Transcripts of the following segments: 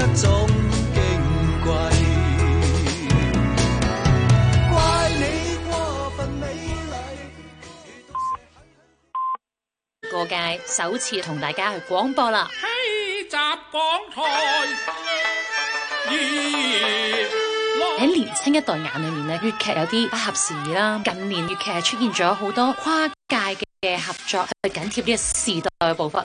一種怪你過分美麗過界，首次同大家去廣播啦！喺、hey, 年輕一代眼裏面呢粵劇有啲不合時宜啦。近年粵劇出現咗好多跨界嘅合作，去緊貼呢個時代嘅步伐。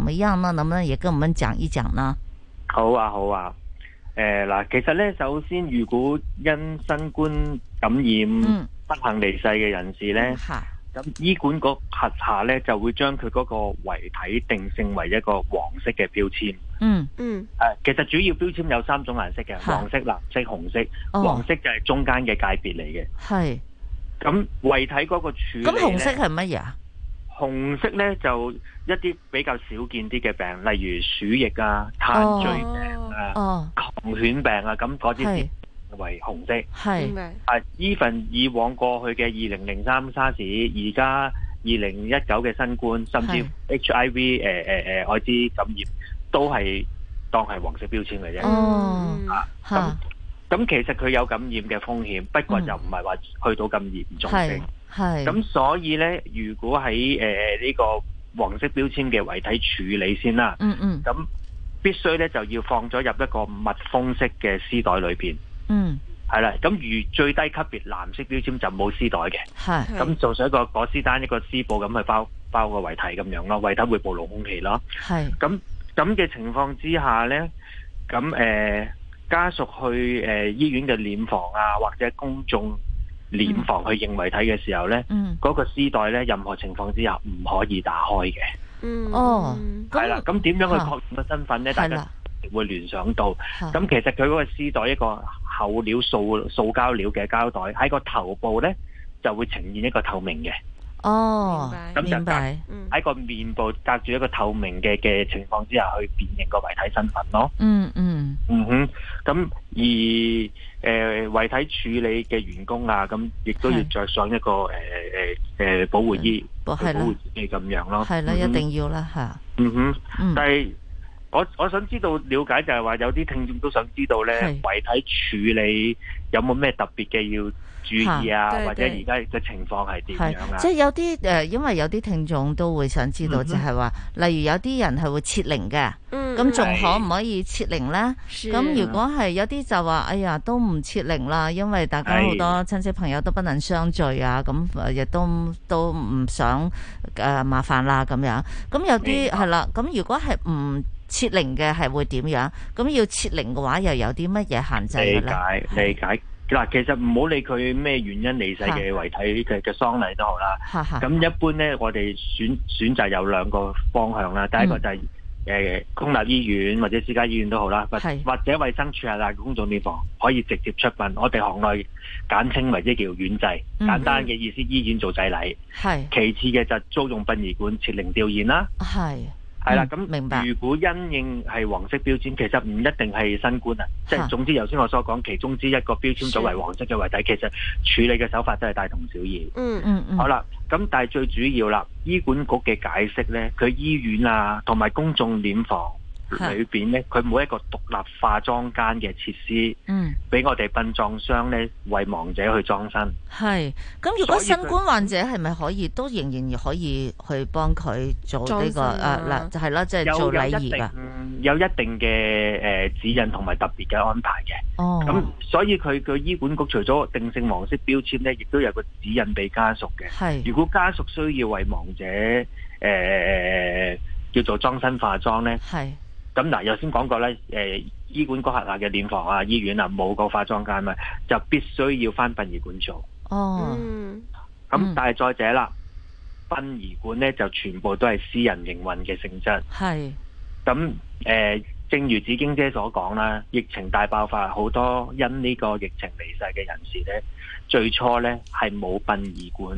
怎麼樣呢？呢能不能也跟我們講一講呢？好啊，好啊。誒、呃、嗱，其實呢，首先如果因新冠感染不幸、嗯、離世嘅人士呢，咁、嗯、醫管局核查呢，就會將佢嗰個遺體定性為一個黃色嘅標籤。嗯嗯、啊，其實主要標籤有三種顏色嘅，嗯、黃色、藍色、紅色。哦、黃色就係中間嘅界別嚟嘅。係、嗯。咁遺體嗰個處，咁、嗯嗯、紅色係乜嘢啊？紅色呢就一啲比較少見啲嘅病，例如鼠疫啊、炭疽病啊、狂、oh, oh. 犬病啊，咁嗰啲為紅色。係啊是，even、uh, 以往過去嘅二零零三沙士，而家二零一九嘅新冠，甚至 HIV 誒誒誒愛滋感染，都係當係黃色標籤嚟啫。哦，咁其實佢有感染嘅風險，不過就唔係話去到咁嚴重嘅。Mm. 係，咁是所以咧，如果喺誒呢個黃色標籤嘅遺體處理先啦，嗯嗯，咁、嗯、必須咧就要放咗入一個密封式嘅屍袋裏邊，嗯，係啦，咁如最低級別藍色標籤就冇屍袋嘅，係是，咁做上一個裹屍單，一個屍布咁去包包個遺體咁樣咯，遺體會暴露空氣啦，係是，咁咁嘅情況之下咧，咁誒、呃、家屬去誒、呃、醫院嘅殮房啊，或者公眾。殮房去認遺體嘅時候呢，嗰個屍袋呢，任何情況之下唔可以打開嘅。嗯，哦，係啦，咁點樣去確認個身份呢？大家會聯想到，咁其實佢嗰個屍袋一個厚料塑塑膠料嘅膠袋，喺個頭部呢就會呈現一個透明嘅。哦，明白，喺個面部隔住一個透明嘅嘅情況之下，去辨認個遺體身份咯。嗯嗯嗯哼，咁而。誒，遺體處理嘅員工啊，咁亦都要着上一個誒誒誒保護衣，去保護自己咁樣咯。係啦，一定要啦吓。嗯哼，嗯但係我我想知道了解就係話，有啲聽眾都想知道咧，遺體處理有冇咩特別嘅要？注意啊，啊對對或者而家嘅情況係點樣啊？即係有啲誒、呃，因為有啲聽眾都會想知道，嗯、哼就係話，例如有啲人係會設靈嘅，咁仲、嗯、可唔可以設靈咧？咁的如果係有啲就話，哎呀，都唔設靈啦，因為大家好多親戚朋友都不能相聚啊，咁亦的、嗯、都都唔想誒、呃、麻煩啦咁樣。咁有啲係啦，咁、嗯、如果係唔設靈嘅係會點樣？咁要設靈嘅話，又有啲乜嘢限制咧？理解，理解。嗱，其實唔好理佢咩原因離世嘅遺體嘅嘅喪禮都好啦。咁一般咧，我哋選選擇有兩個方向啦。第一個就係、是、公、嗯呃、立醫院或者私家醫院都好啦，或是 或者衛生署下嘅公眾殮房可以直接出殯。我哋行內簡稱為即叫院祭，簡、嗯嗯、單嘅意思，醫院做祭禮。是是其次嘅就租用殯儀館設靈吊唁啦。係啦，咁、嗯、明白、如果因應係黃色標籤，其實唔一定係新冠啊，即係哈總之，頭先我所講，其中之一個標籤作為黃色嘅遺體了其實處理嘅手法都係大同小異、嗯。嗯嗯嗯，好啦，咁但係最主要啦，醫管局嘅解釋咧，佢醫院啊，同埋公眾殮房。是裏邊咧，佢冇一個獨立化妝間嘅設施，嗯，俾我哋殯葬商咧為亡者去裝身。係，咁如果新冠患者係咪可以，以都仍然可以去幫佢做呢、這個誒嗱、啊啊，就係、是、啦，即係做禮儀啊？有一定嘅誒指引同埋特別嘅安排嘅。哦，咁所以佢個醫管局除咗定性黃色標籤咧，亦都有個指引俾家屬嘅。係是，如果家屬需要為亡者誒、呃、叫做裝身化妝咧，係。咁嗱，又先講過咧，誒醫管局轄下嘅殮房啊、醫院啊，冇個化妝間嘛，就必須要翻殯儀館做。哦，咁、嗯、但係再者啦，殯儀館咧就全部都係私人營運嘅性質。咁誒是、嗯，正如紫荊姐所講啦，疫情大爆發，好多因呢個疫情離世嘅人士咧，最初咧係冇殯儀館。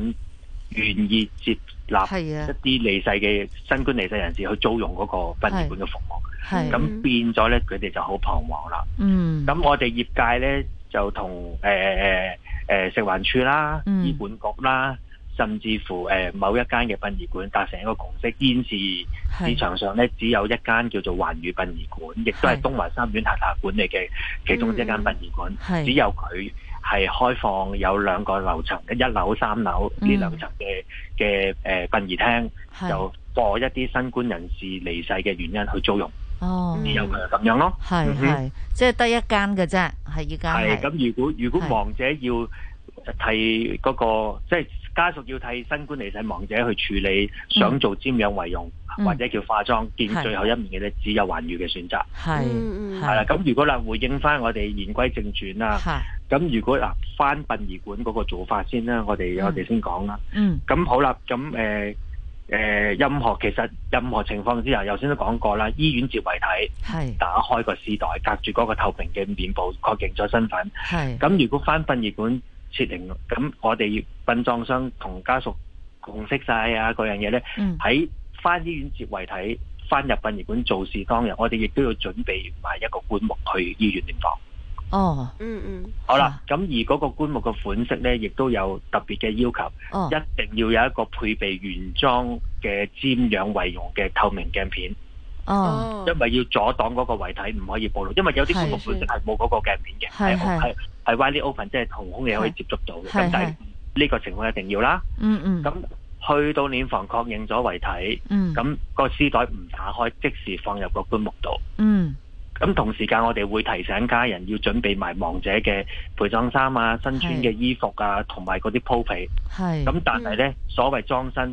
願意接納一啲離世嘅新冠離世人士去租用嗰個殯儀館嘅服務，咁變咗呢，佢哋就好彷徨啦。嗯，咁、嗯、我哋業界呢，就同誒誒誒食環署啦、醫管局啦，嗯、甚至乎誒、呃、某一間嘅殯儀館達成一個共識，堅持是市場上呢，只有一間叫做環宇殯儀館，亦都係東華三院轄下管理嘅其中一間殯儀館，嗯、只有佢。係開放有兩個樓層，一樓、三樓呢兩層嘅嘅誒殯儀廳，就播一啲新冠人士離世嘅原因去租用。哦，又係咁樣咯，係係，即係得一間嘅啫，係依間。係咁，如果如果亡者要替嗰個，即係家屬要替新冠離世亡者去處理，想做瞻仰遺容或者叫化妝見最後一面嘅咧，只有寰宇嘅選擇。係係啦，咁如果啦，回應返我哋言歸正傳啦。咁如果嗱翻殯儀館嗰個做法先啦，我哋我哋先講啦。嗯。咁、嗯、好啦，咁誒誒，任何其實任何情況之下，頭先都講過啦，醫院接遺體係是打開個屍袋，隔住嗰個透明嘅面部確認咗身份。係是。咁如果翻殯儀館設定，咁我哋殯葬商同家屬共識晒啊嗰樣嘢咧，喺翻、嗯、醫院接遺體，翻入殯儀館做事當日，我哋亦都要準備埋一個棺木去醫院地方。哦，oh, 嗯嗯，好啦，咁、啊、而嗰個棺木嘅款式咧，亦都有特別嘅要求，oh, 一定要有一個配備原裝嘅瞻仰遺容嘅透明鏡片。哦，oh, 因為要阻擋嗰個遺體唔可以暴露，因為有啲棺木款式係冇嗰個鏡片嘅，係係係 wide open 即係同空氣可以接觸到嘅，咁但係呢個情況一定要啦。嗯嗯，咁去到殮房確認咗遺體，咁、嗯、個屍袋唔打開，即時放入個棺木度。嗯。咁、嗯、同時間我哋會提醒家人要準備埋亡者嘅陪葬衫啊、身穿嘅衣服啊，同埋嗰啲鋪被。咁是但係呢，嗯、所謂裝身，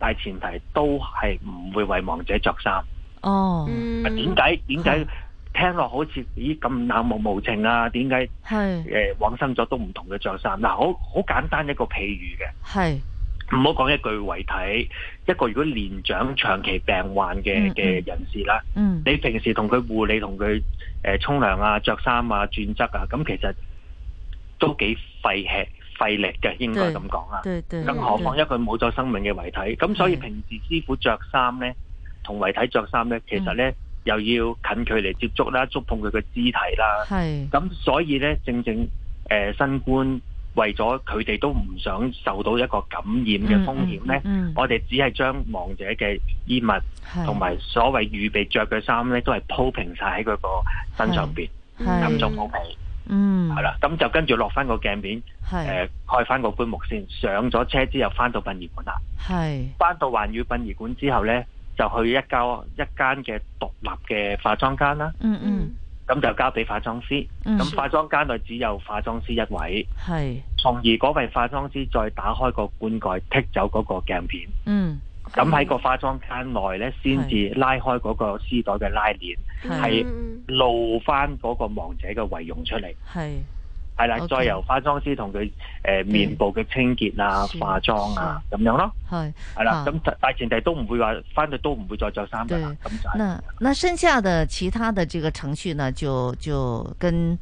大前提都係唔會為亡者着衫。哦。啊、點解嗯。點解？點解是？聽落好似咦咁冷漠無情啊？點解？係是。誒、呃，往生咗都唔同嘅着衫。嗱、啊，好好簡單一個譬喻嘅。唔好講一句遺體，一個如果年長長期病患嘅嘅人士啦，嗯嗯、你平時同佢護理、同佢誒沖涼啊、着衫啊、轉側啊，咁其實都幾費氣費力嘅，應該咁講啦。對，對，更何況一個冇咗生命嘅遺體，咁對所以平時師傅着衫呢，同遺體着衫呢，其實呢又要近距離接觸啦，觸碰佢嘅肢體啦。係對。咁、嗯、所以呢，正正誒、呃，新冠。為咗佢哋都唔想受到一個感染嘅風險呢，我哋只係將亡者嘅衣物同埋所謂預備着嘅衫咧，都係鋪平晒喺佢個身上邊，咁就鋪平。嗯，係啦是，咁就跟住落翻個鏡面，誒開翻個棺木先，上咗車之後翻到殯儀館啦，翻是到環宇殯儀館之後呢，就去一間一間嘅獨立嘅化妝間啦。嗯嗯。咁就交俾化妝師，咁化妝間內只有化妝師一位，係從是而嗰位化妝師再打開個棺蓋，剔走嗰個鏡片，咁喺、嗯、個化妝間內咧，先至是拉開嗰個絲袋嘅拉鏈，係是露翻嗰個亡者嘅遺容出嚟。係啦，再由化妝師同佢誒面部嘅清潔啊、對化妝啊咁樣咯，係，係啦，咁大了、啊、前提都唔會話翻去，都唔會再着衫㗎啦。咁對就那，那那剩下的其他的這個程序呢，就就跟。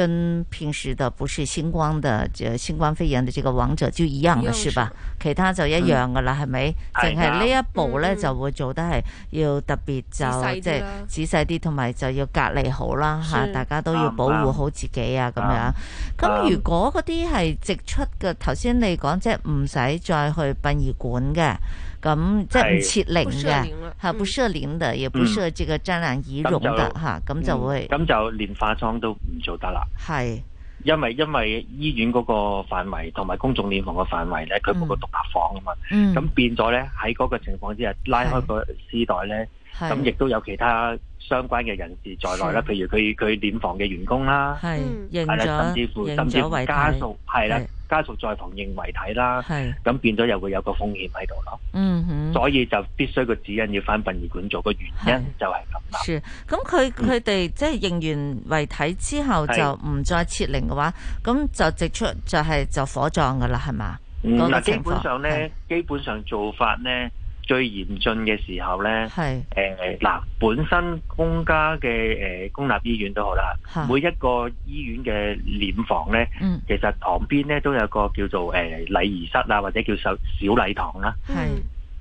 跟平時的不是新冠的，這新冠肺炎的這個亡者就一樣了，是吧？其他就一樣噶啦，係咪？淨係呢一步呢，就會做得係要特別就即係仔細啲，同埋就要隔離好啦，吓，大家都要保護好自己啊，咁樣。咁如果嗰啲係直出嘅，頭先你講即係唔使再去殯儀館嘅。咁即係唔設靈嘅，係不設靈嘅也不設這個瞻仰儀容嘅，吓，咁就會，咁就連化妝都唔做得啦。係因為因為醫院嗰個範圍同埋公眾殮房嘅範圍咧，佢冇個獨立房啊嘛，咁變咗咧，喺嗰個情況之下拉開個屍袋咧，咁亦都有其他相關嘅人士在內啦，譬如佢佢殮房嘅員工啦，係啦，甚至乎甚至乎家屬係啦。家屬在旁認遺體啦，咁是變咗又會有個風險喺度咯，嗯、哼所以就必須個指引要翻殯儀館做，個原因就係咁。是，咁佢佢哋即係認完遺體之後就唔再設靈嘅話，咁是就直出就係就火葬噶啦，係嘛？嗱、嗯，基本上咧，是基本上做法咧。最嚴峻嘅時候咧，誒嗱，本身公家嘅誒公立醫院都好啦，每一個醫院嘅殮房咧，其實旁邊咧都有個叫做誒禮儀室啊，或者叫小小禮堂啦，係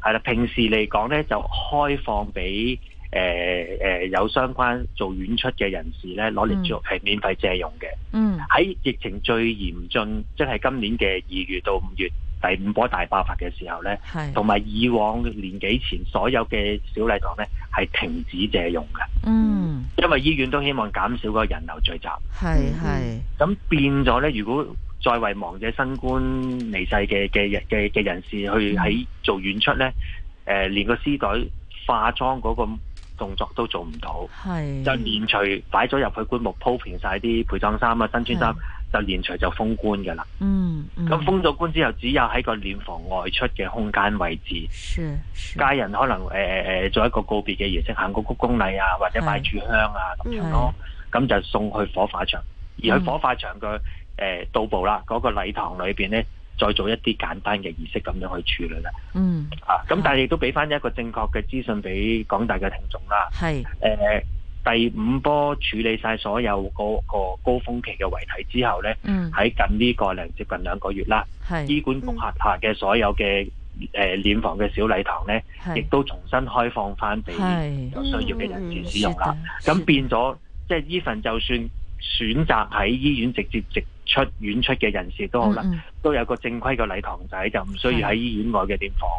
係啦。平時嚟講咧，就開放俾誒誒有相關做演出嘅人士咧攞嚟做係免費借用嘅。嗯，喺疫情最嚴峻，即係今年嘅二月到五月。第五波大爆發嘅時候呢，同埋是以，以往年幾前所有嘅小禮堂呢，係停止借用嘅。嗯，因為醫院都希望減少個人流聚集。咁、嗯、變咗呢，如果再為亡者新冠離世嘅嘅人嘅嘅人士去喺做演出呢，誒、嗯呃、連個屍袋化妝嗰個動作都做唔到。是就連隨擺咗入去棺木鋪平晒啲陪葬衫啊、新穿衫。就連隨就封棺嘅啦、嗯，嗯，咁封咗棺之後，只有喺個殮房外出嘅空間位置，是是家人可能誒、呃、做一個告別嘅儀式，行個鞠躬禮啊，或者擺柱香啊咁是樣咯，咁就送去火化場。是而去火化場嘅到步啦，嗰、那個禮堂裏面咧，再做一啲簡單嘅儀式咁樣去處理啦。嗯，啊，咁但係亦都俾翻一個正確嘅資訊俾廣大嘅聽眾啦。是呃第五波處理晒所有嗰個高峰期嘅遺體之後呢喺、嗯、近呢、呢個零接近兩個月啦。是醫管局轄下嘅所有嘅誒殮房嘅小禮堂呢，亦是都重新開放翻俾有需要嘅人士使用啦。咁、嗯嗯、變咗，即係依份就算選擇喺醫院直接直出院出嘅人士都好啦，都，都有個正規嘅禮堂仔，就唔需要喺醫院外嘅殮房。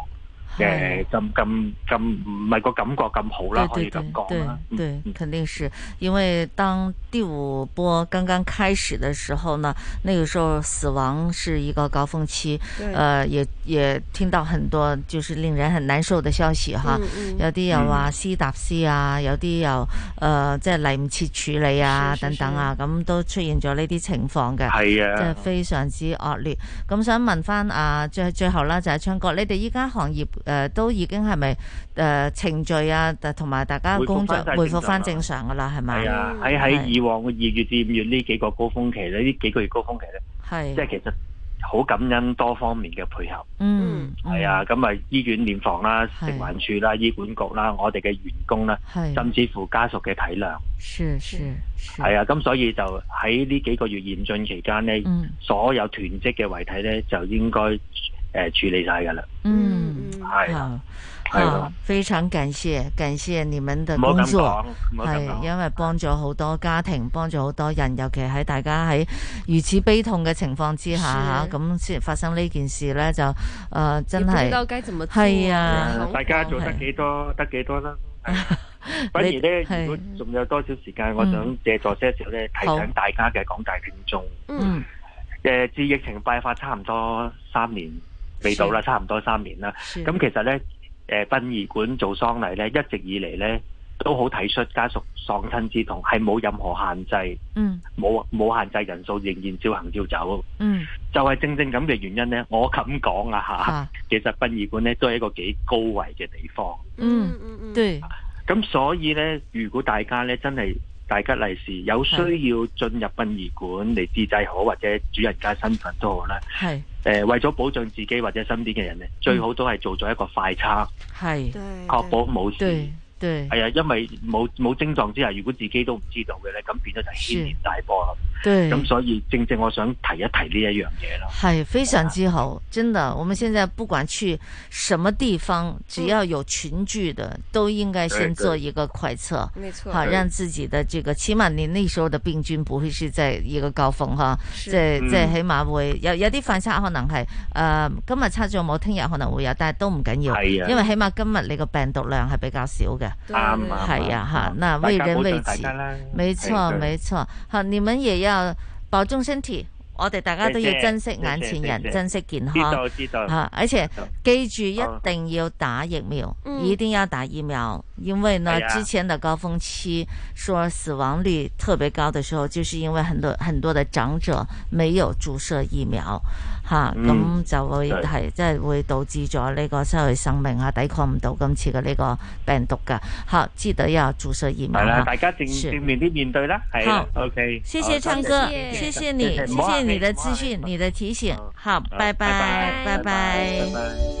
誒，咁咁咁唔係個感覺咁好啦，可以咁講啦。對，肯定是因為當第五波剛剛開始嘅時候呢，那個時候死亡是一個高峰期，誒對、呃，也也聽到很多就是令人很難受的消息吓，有啲又話斯達斯啊，有啲又誒即係嚟唔切處理啊，是是是等等啊，咁都出現咗呢啲情況嘅，係啊的，即係非常之惡劣。咁的想問翻啊，最最後啦，就係昌哥，你哋依家行業。誒，都已經係咪誒程序啊，同埋大家工作回復翻正常噶啦，係咪？係啊，喺喺以往嘅二月至五月呢幾個高峰期咧，呢幾個月高峰期咧，係即係其實好感恩多方面嘅配合。嗯，係啊，咁啊，醫院殮房啦、食環署啦、醫管局啦，我哋嘅員工啦，甚至乎家屬嘅體諒。是是係啊，咁所以就喺呢幾個月嚴峻期間呢，所有囤積嘅遺體呢，就應該。誒，處理晒噶啦，嗯，係啦，係咯，非常感謝，感謝你們的工作，係因為幫咗好多家庭，幫咗好多人，尤其喺大家喺如此悲痛嘅情況之下吓，咁先發生呢件事咧，就誒真係。係啊，大家做得幾多得幾多啦，反而咧如果仲有多少時間，我想借助些少咧提醒大家嘅廣大觀眾，嗯，誒自疫情爆發差唔多三年。未到啦，差唔多三年啦。咁其實咧，誒殯儀館做喪禮咧，一直以嚟，咧都好體恤家屬喪親之痛，係冇任何限制，嗯，冇冇限制人數，仍然照行照走，嗯，就係正正咁嘅原因咧，我咁講啊吓，其實殯儀館咧都係一個幾高危嘅地方，嗯嗯嗯，對，咁所以咧，如果大家咧真係，大吉利是，有需要進入殯儀館嚟自制好，或者主人家身份都好啦。係是，誒、呃，為咗保障自己或者身邊嘅人咧，嗯、最好都係做咗一個快測，係確保冇事。係啊、哎，因為冇冇症狀之下，如果自己都唔知道嘅咧，咁變咗就輕易大波。咁所以正正我想提一提呢一樣嘢咯，係非常之好，真的。我們現在不管去什麼地方，只要有群聚的，都應該先做一個快測，沒錯，好，讓自己的這個，起碼你那時候的病菌不會是在一個高峰，哈，即係即係起碼會有有啲反差可能係，誒，今日測咗冇，聽日可能會有，但係都唔緊要，係啊，因為起碼今日你個病毒量係比較少嘅，啱啊，係啊，吓，那為人為己，沒錯，沒錯，好，你們也要保重身體，我哋大家都要珍惜眼前人，謝謝謝謝，珍惜健康。而且記住一定要打疫苗，嗯、一定要打疫苗，因為呢、嗯、之前的高峰期說死亡率特別高的時候，就是因為很多很多的長者沒有注射疫苗。吓，咁就會係即係會導致咗呢個失去生命啊，抵抗唔到今次嘅呢個病毒噶。嚇，記得要注射疫苗。啦，大家正面啲面對啦。係，OK。謝謝昌哥，謝謝你，謝謝你的資訊，你的提醒。好，拜拜，拜拜。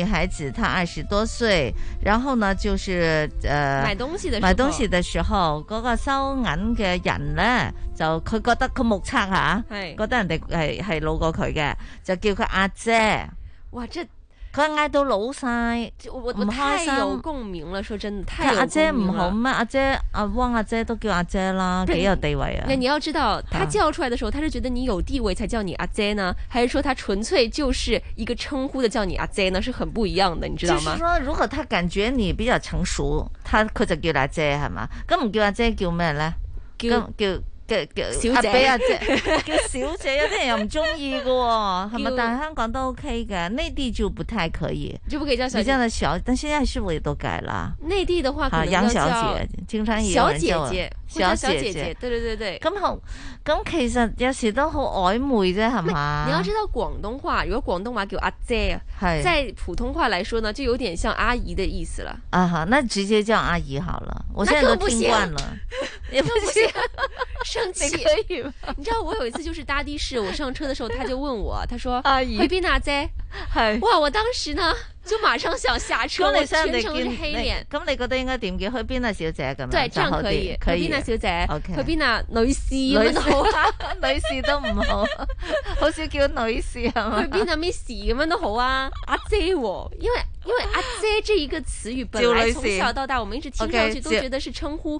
女孩子，她二十多歲，然後呢，就是，呃，買東西的，買東西的時候嗰個收銀嘅人呢，就佢覺得佢目測吓、啊，係，覺得人哋係係老過佢嘅，就叫佢阿姐，哇，即。佢嗌到老晒，我太有共鳴了，說真的，太有共鳴了。他阿姐唔好咩？阿姐阿汪阿姐都叫阿姐啦，幾是有地位呀？你要知道，他叫出來的時候，是他是覺得你有地位才叫你阿姐呢，還是說他純粹就是一個稱呼的叫你阿姐呢？是很不一樣的，你知道嗎？就是說，如果他感覺你比較成熟，他佢就叫阿姐係嘛？咁唔叫阿姐叫咩咧？叫叫。叫叫小姐，阿姐叫小姐，有啲人又唔中意嘅，係咪？但係香港都 OK 嘅，內地就不太可以。叫唔叫小姐？現在的小姐，但現在是不是都改啦？內地的話，好叫小姐，經常有人叫小姐姐，小姐姐，對對對對，根本，咁其實有時都好曖昧啫，係嘛？你要知道廣東話，如果廣東話叫阿姐，係，在普通話嚟說呢，就有點像阿姨的意思啦。啊，好，那直接叫阿姨好了，我現在都聽慣了，也不行。可以你知道我有一次就是搭的士，我上車的時候他就問我，他說：“阿姨，去邊啊？姐？係哇！”我當時呢就馬上想下車。你全程係黑臉。咁你覺得應該點叫？去邊啊，小姐咁樣？都係叫可以。去邊啊，小姐。OK。去邊啊，女士。女士，女士都唔好，好少叫女士係去邊啊，Miss 咁樣都好啊。阿姐，因為因為阿姐這一個詞語本來從小到大我們一直聽上去都覺得是稱呼。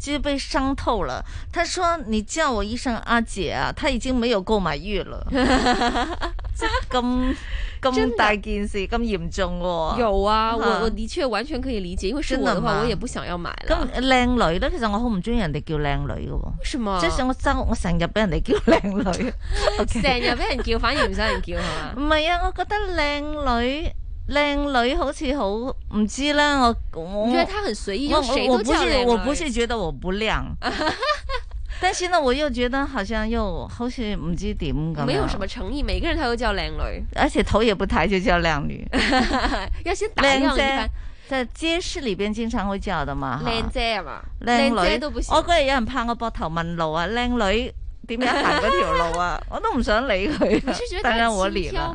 就被傷透了。他說：“你叫我一聲阿姐啊，他已經沒有購買欲了。 ”真咁咁大件事，咁嚴的重啊？有啊，啊我我的確完全可以理解，因為是我的話，的我也不想要買了。咁靚女咧？其實我好唔中意人哋叫靚女嘅，啊，為什麼冇。加我周，我成日俾人哋叫靚女，成日俾人叫反而唔想人叫係嘛？唔係啊，我覺得靚女。靚女好似好唔知啦，我我我覺得佢很隨意，用誰都叫靚女。我我不是我不是覺得我不靚，但是呢我又覺得好像又好似唔知點咁。沒有什麼誠意，每個人他都叫靚女，而且頭也不抬就叫靚女，要先打量一番。在街市裏邊經常會叫的嘛，靚姐係嘛？靚女都不。我嗰日有人拍我膊頭問路啊，靚女點樣行嗰條路啊？我都唔想理佢，等下我連啦。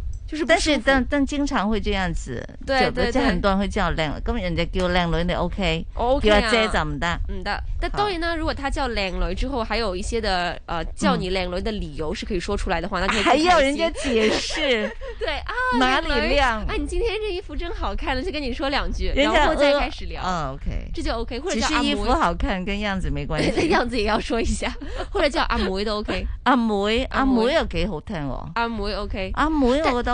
就是，但是但但經常會這樣子，對對對，很多人會叫靚女，咁人哋叫靚女你 O K，叫阿姐就唔得唔得。但當然呢，如果他叫靚女之後，還有一些的，呃叫你靚女的理由是可以說出來的話，那佢還要人家解釋，對啊，哪裏靚？啊，你今天這衣服真好看了，就跟你說兩句，然後再開始聊。哦，O K，這就 O K，或者是衣服好看跟樣子沒關係，樣子也要說一下，或者叫阿梅都 O K，阿梅，阿梅又幾好聽哦，阿梅 O K，阿梅。我覺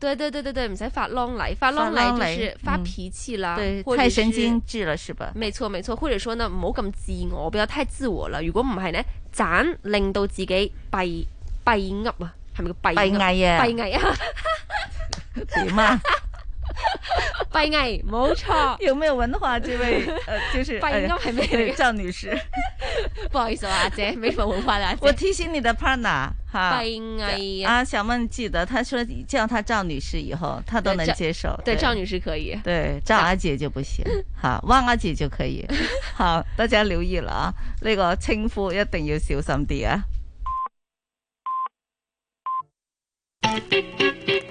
對對對對對，唔使發狼戾，發狼戾就係發脾氣啦，嗯，對，太神經質了，是吧？沒錯沒錯，或者說呢，唔好咁自我，不要太自我啦。如果唔係呢，盞令到自己閉閉翳啊，係咪個閉翳啊？閉翳啊？點啊？拜音 冇錯， 有沒有文化？這位，發、呃就是、 趙女士 不好意思啊，姐，沒什麼文化啦、啊。 我提醒你的 partner，哈，發音阿啊，小記得，她說叫她趙女士以後，她都能接受，對。對，趙女士可以，對，趙阿姐就不行。 好，汪阿姐就可以。 好，大家留意啦、啊，呢、這個稱呼一定要小心啲啊。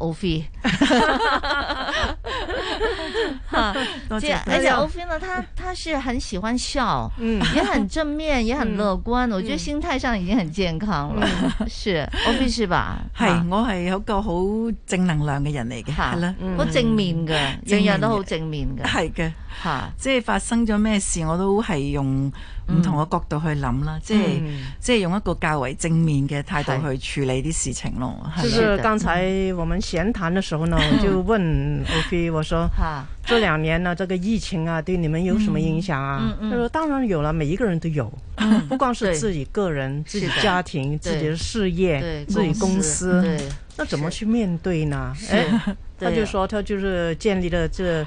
歐菲，而且而且歐菲呢，他他是很喜歡笑，嗯，也很正面，也很樂觀， 我覺得心態上已經很健康了。是歐菲 是吧？係， 我係一個好正能量嘅人嚟嘅，係啦，好 正面嘅，樣樣都好正面嘅，係嘅，吓， 即係發生咗咩事我都係用。唔同嘅角度去諗啦，即係即係用一個較為正面嘅態度去處理啲事情咯。就是剛才我們閒談的時候呢，我就問歐飛我說：，這兩年呢，這個疫情啊，對你們有什麼影響啊？他說：當然有了，每一個人都有，不光是自己個人、自己家庭、自己的事業、自己公司，對，那怎麼去面對呢？誒，他就說：，他就是建立了這。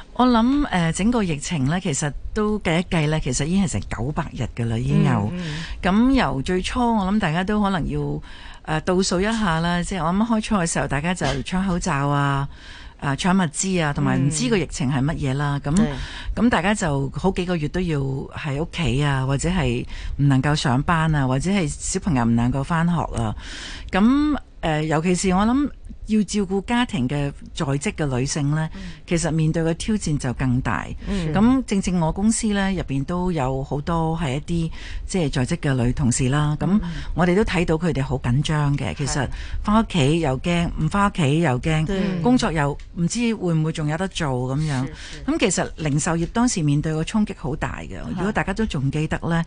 我諗誒、呃，整個疫情咧，其實都計一計咧，其實已經係成九百日噶啦，已經有。咁、嗯嗯、由最初，我諗大家都可能要誒、呃、倒數一下啦，即、就、係、是、我諗開初嘅時候，大家就搶口罩啊， 啊，搶物資啊，同埋唔知個疫情係乜嘢啦。咁咁大家就好幾個月都要喺屋企啊，或者係唔能夠上班啊，或者係小朋友唔能夠翻學啊。咁誒、呃，尤其是我諗。要照顧家庭嘅在職嘅女性呢，嗯、其實面對嘅挑戰就更大。咁、嗯、正正我公司呢，入面都有好多係一啲即係在職嘅女同事啦。咁、嗯、我哋都睇到佢哋好緊張嘅。嗯、其實翻屋企又驚，唔翻屋企又驚，嗯、工作又唔知會唔會仲有得做咁樣。咁是其實零售業當時面對個衝擊好大嘅。是如果大家都仲記得呢，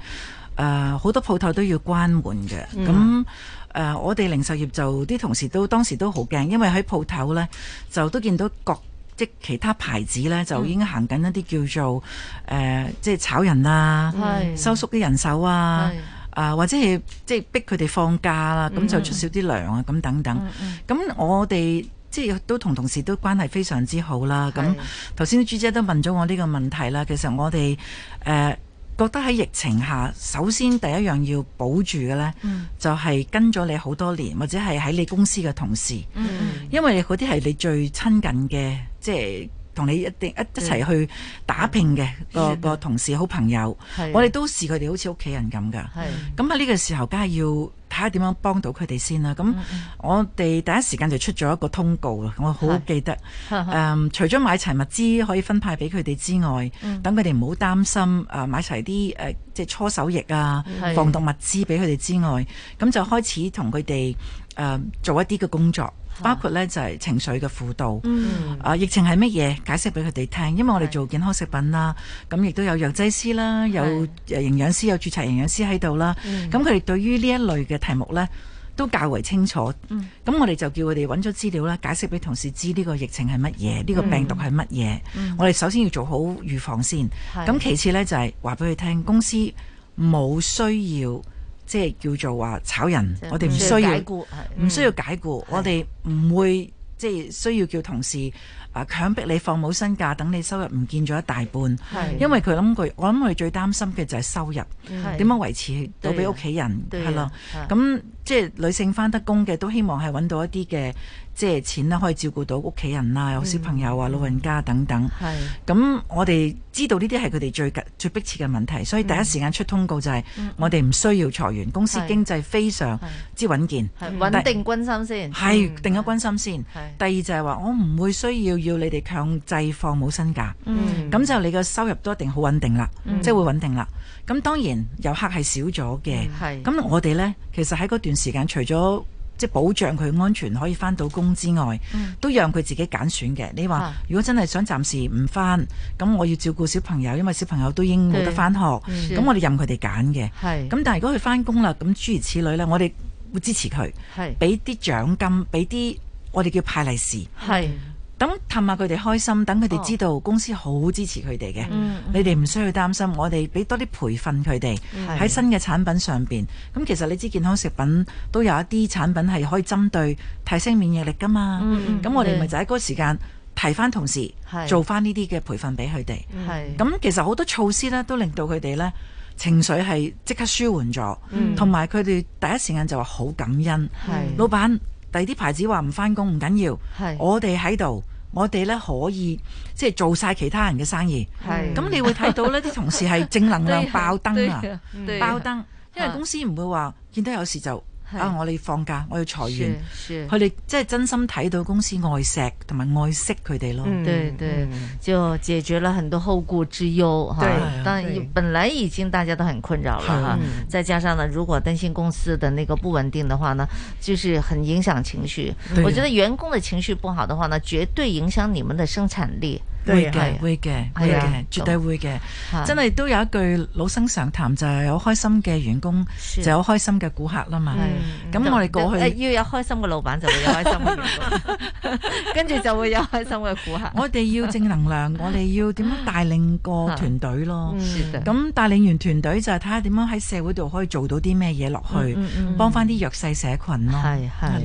誒、呃、好多鋪頭都要關門嘅。咁、嗯誒、呃，我哋零售業就啲同事都當時都好驚，因為喺鋪頭呢，就都見到各即係其他牌子呢，就應該行緊一啲叫做、呃、即係炒人啊，嗯、收縮啲人手啊，啊是、呃、或者係即係逼佢哋放假啦，咁就出少啲糧啊，咁、嗯、等等。咁、嗯嗯、我哋即係都同同事都關係非常之好啦。咁頭先朱姐都問咗我呢個問題啦，其實我哋誒、呃覺得喺疫情下，首先第一樣要保住嘅呢，就係跟咗你好多年或者係喺你公司嘅同事，因為嗰啲係你最親近嘅，即係。同你一定一一齊去打拼嘅個個同事好朋友，我哋都視佢哋好似屋企人咁噶。咁喺呢個時候，梗係要睇下點樣幫到佢哋先啦。咁我哋第一時間就出咗一個通告啦。我好記得除咗買齊物資可以分派俾佢哋之外，等佢哋唔好擔心，誒、買齊啲，誒、即係搓手液啊、防毒物資俾佢哋之外，咁就開始同佢哋誒、做一啲嘅工作。包括咧就係、是、情緒嘅輔導，嗯、啊疫情係乜嘢？解釋俾佢哋聽。因為我哋做健康食品啦，咁亦都有藥劑師啦，的有營養師、有註冊營養師喺度啦。咁佢哋對於呢一類嘅題目呢都較為清楚。咁、嗯、我哋就叫佢哋揾咗資料啦，解釋俾同事知呢個疫情係乜嘢，呢、嗯、個病毒係乜嘢。嗯、我哋首先要做好預防先。咁的其次呢，就係話俾佢聽，公司冇需要。即係叫做話炒人，我哋唔需要，唔需要解雇，我哋唔會即係、就是、需要叫同事啊強迫你放冇薪假，等你收入唔見咗一大半。是因為佢諗佢，我諗佢最擔心嘅就係收入點是樣維持到俾屋企人係咯。咁即係女性返得工嘅都希望係揾到一啲嘅。即係錢啦，可以照顧到屋企人啦、啊，有小朋友啊、嗯、老人家等等。係是。咁我哋知道呢啲係佢哋最緊、最迫切嘅問題，所以第一時間出通告就係我哋唔需要裁員，嗯、公司經濟非常之穩健。係但穩定軍心先。係定咗軍心先。嗯、第二就係話我唔會需要要你哋強制放冇薪假。嗯。咁就你嘅收入都一定好穩定啦。即係、嗯、會穩定啦。咁當然遊客係少咗嘅。係、嗯。咁我哋呢，其實喺嗰段時間除咗即保障佢安全可以翻到工之外，都讓佢自己揀選嘅。你話如果真係想暫時唔翻，咁我要照顧小朋友，因為小朋友都已經冇得翻學，咁對我哋任佢哋揀嘅。係是。咁但係如果佢翻工啦，咁諸如此類咧，我哋會支持佢，俾啲獎金，俾啲我哋叫派利是。係是。Okay? 等氹下佢哋開心，等佢哋知道公司好支持佢哋嘅，哦嗯嗯、你哋唔需要擔心。我哋俾多啲培訓佢哋喺新嘅產品上邊，咁是其實你知健康食品都有一啲產品係可以針對提升免疫力㗎嘛。咁、嗯、我哋咪就喺嗰時間提翻同事是做翻呢啲嘅培訓俾佢哋。咁是、嗯、其實好多措施咧都令到佢哋咧情緒係即刻舒緩咗，同埋佢哋第一時間就話好感恩，是老闆第啲牌子話唔返工唔緊要，是我，我哋喺度，我哋咧可以即係、就是、做晒其他人嘅生意。係咁是你會睇到咧啲 同事係正能量爆燈啊，爆燈，因為公司唔會話見到有事就。啊！我哋放假，我要裁員，佢哋即係真心睇到公司愛錫同埋愛惜佢哋咯。嗯、對對，就解決了很多後顧之憂對哈。對、哎呀，本來已經大家都很困擾啦對，再加上呢，如果擔心公司的那個不穩定的話呢，就是很影響情緒。呀我覺得員工的情緒不好的話呢，絕對影響你們的生產力。會嘅，會嘅，會嘅，絕對會嘅。真係都有一句老生常談，就係有開心嘅員工，就有開心嘅顧客啦嘛。咁我哋過去要有開心嘅老闆，就會有開心嘅員工，跟住就會有開心嘅顧客。我哋要正能量，我哋要點樣帶領個團隊咯。咁帶領完團隊，就係睇下點樣喺社會度可以做到啲咩嘢落去，幫翻啲弱勢社群咯。係係。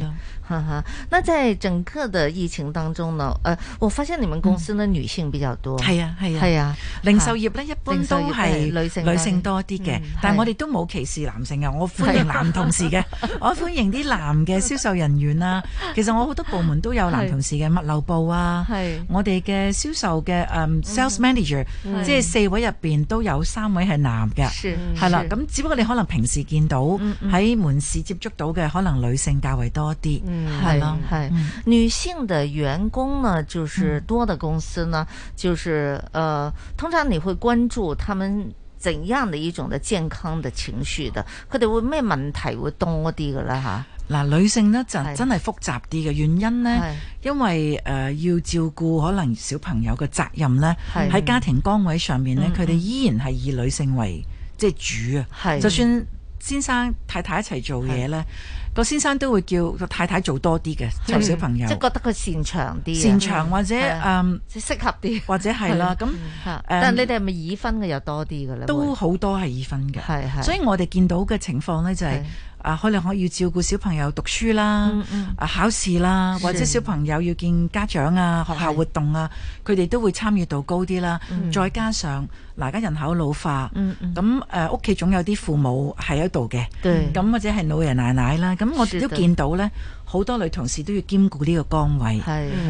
哈哈，那在整個的疫情當中呢？誒，我發現你們公司的女性比較多。係啊係啊係啊，零售業呢一般都係女性女性多啲嘅。但係我哋都冇歧視男性嘅，我歡迎男同事嘅，我歡迎啲男嘅銷售人員啦。其實我好多部門都有男同事嘅，物流部啊，係我哋嘅銷售嘅 sales manager，即係四位入邊都有三位係男嘅，係啦。咁只不過你可能平時見到喺門市接觸到嘅可能女性較為多啲。係啦，係女性嘅員工呢，就是多的公司呢，嗯、就是，呃，通常你會關注他們怎樣的一種的健康的情緒的，佢哋、嗯、會咩問題會多啲嘅啦吓。嗱、啊呃，女性呢就真係複雜啲嘅原因呢，的因為誒、呃、要照顧可能小朋友嘅責任呢，喺的家庭崗位上面呢，佢哋的、嗯、依然係以女性為即係、就是、主啊，的就算先生太太一齊做嘢呢。個先生都會叫個太太做多啲嘅湊小朋友，嗯、即係覺得佢擅長啲，擅長或者誒適合啲，或者係啦。咁、嗯嗯嗯嗯、但你哋係咪已婚嘅又多啲嘅咧？都好多係已婚嘅，係係。所以我哋見到嘅情況咧就係、是。啊，可能我要照顧小朋友讀書啦，嗯嗯啊考試啦，是或者小朋友要見家長啊、學校活動啊，佢哋是都會參與度高啲啦。嗯、再加上嗱，大家人口老化，咁屋企總有啲父母喺度嘅，咁對或者係老爺奶奶啦。咁我哋都見到呢，好多女同事都要兼顧呢個崗位，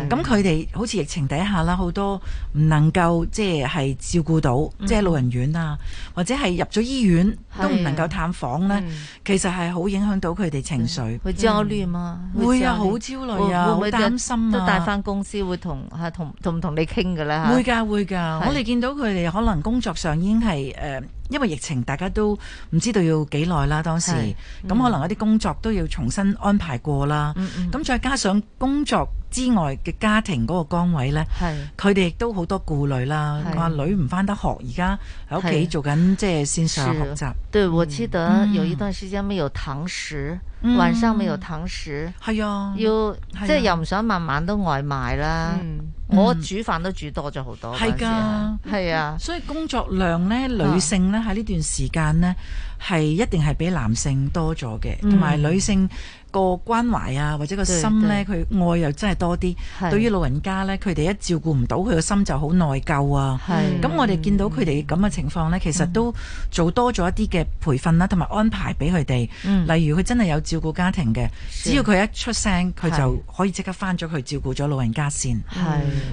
咁佢哋好似疫情底下啦，好多唔能夠即係照顧到，即係老人院啊，或者係入咗醫院都唔能夠探訪咧。其實係好影響到佢哋情緒，會焦慮嘛，會啊，好焦慮啊，會擔心啊，都帶翻公司會同同同唔同你傾㗎啦，會㗎會㗎，我哋見到佢哋可能工作上已經係誒。因為疫情，大家都唔知道要幾耐啦。當時咁、嗯、可能一啲工作都要重新安排過啦。咁、嗯嗯、再加上工作。之外嘅家庭嗰個崗位咧，佢哋亦都好多顧慮啦。阿女唔返得學，而家喺屋企做緊即係線上學習。對，我記得有一段時間沒有堂食，晚上沒有堂食。係啊，要即係又唔想晚晚都外賣啦。我煮飯都煮多咗好多。係㗎，係啊。所以工作量呢，女性呢喺呢段時間呢，係一定係比男性多咗嘅，同埋女性，個關懷啊，或者個心呢，佢愛又真係多啲。對於老人家呢，佢哋一照顧唔到，佢個心就好內疚啊。咁我哋見到佢哋咁嘅情況呢，其實都做多咗一啲嘅培訓啦，同埋安排俾佢哋。例如佢真係有照顧家庭嘅，只要佢一出聲，佢就可以即刻返咗去照顧咗老人家先。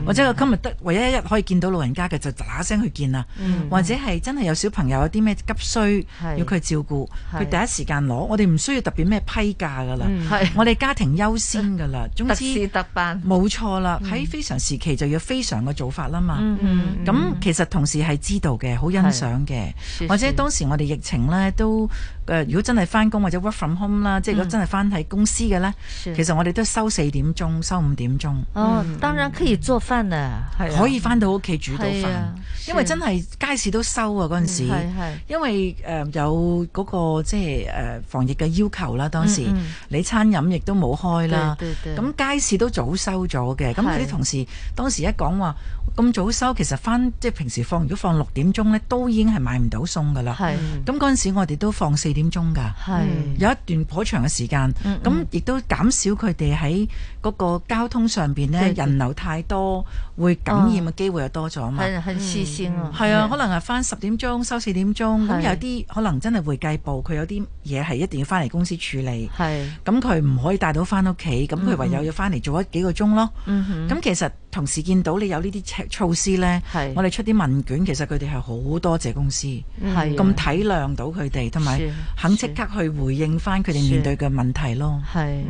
或者今日得唯一一日可以見到老人家嘅，就嗱嗱聲去見啦。或者係真係有小朋友有啲咩急需要佢照顧，佢第一時間攞。我哋唔需要特別咩批假㗎啦。嗯、是我哋家庭優先噶啦，總之特事特辦，冇錯啦。喺非常時期就要非常嘅做法啦嘛。咁、嗯嗯嗯、其實同事係知道嘅，好欣賞嘅，是或者當時我哋疫情咧都。誒，如果真係返工或者 work from home 啦，即係如果真係返喺公司嘅咧，其實我哋都收四點鐘，收五點鐘。哦，當然可以做飯啦，可以返到屋企煮到飯，因為真係街市都收啊嗰陣時，因為誒有嗰個即係誒防疫嘅要求啦。當時你餐飲亦都冇開啦，咁街市都早收咗嘅。咁嗰啲同事當時一講話咁早收，其實返即係平時放，如果放六點鐘咧，都已經係買唔到餸噶啦。咁嗰陣時我哋都放四點鐘噶，係、嗯、有一段頗長嘅時間，咁亦都減少佢哋喺嗰個交通上邊咧，人流太多，的會感染嘅機會又多咗嘛？係啊、嗯，係啊，可能係翻十點鐘，收四點鐘，咁的有啲可能真係會計部佢有啲嘢係一定要翻嚟公司處理，係咁佢唔可以帶到翻屋企，咁佢唯有要翻嚟做一幾個鐘咯，咁、嗯嗯、其實。同時見到你有呢啲措施咧，我哋出啲問卷，其實佢哋係好多謝公司，係咁體諒到佢哋，同埋肯即刻去回應翻佢哋面對嘅問題咯。係，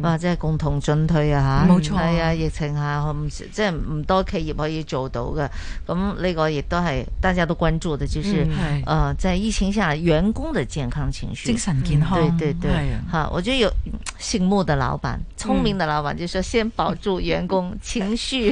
或者係共同進退啊嚇，冇錯、啊，係啊、嗯嗯哎，疫情下唔即係唔多企業可以做到嘅。咁呢個亦都係大家都關注嘅，就是誒、嗯呃，在疫情下員工嘅健康情緒，精神健康，嗯、對，對對，對，好，我覺得有醒目嘅老闆、聰明嘅老闆，就說先保住員工情緒。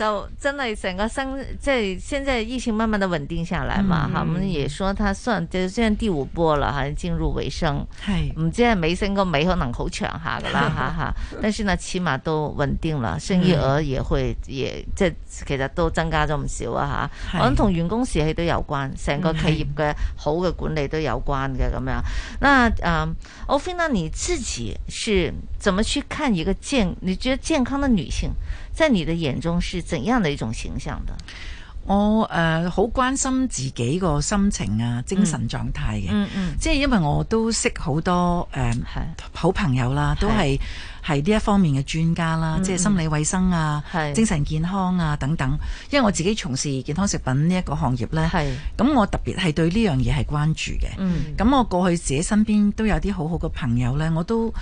就真係成個生，即係現在疫情慢慢的穩定下來嘛，們、嗯、也說他算就算第五波啦，哈，進入尾聲。係唔是知係尾聲個尾可能好長下噶啦， 但是呢，起碼都穩定啦，生意額也會、嗯、也即係其實都增加咗唔少啊，是我咁同員工士氣都有關，成個企業嘅好嘅管理都有關嘅咁、嗯、是樣。那誒、嗯，我 f e 你自己是。怎麼去看一個健？你覺得健康的女性，在你的眼中是怎樣的一種形象的？我誒，好、呃、關心自己個心情啊，精神狀態嘅、嗯。嗯嗯。即係因為我都識好多誒、呃、是好朋友啦，都係係呢一方面嘅專家啦，是即係心理衛生啊、嗯、精神健康啊等等。是因為我自己從事健康食品呢一個行業咧，係咁是，咁我特別係對呢樣嘢係關注嘅。咁、嗯、我過去自己身邊都有啲好好嘅朋友咧，我都。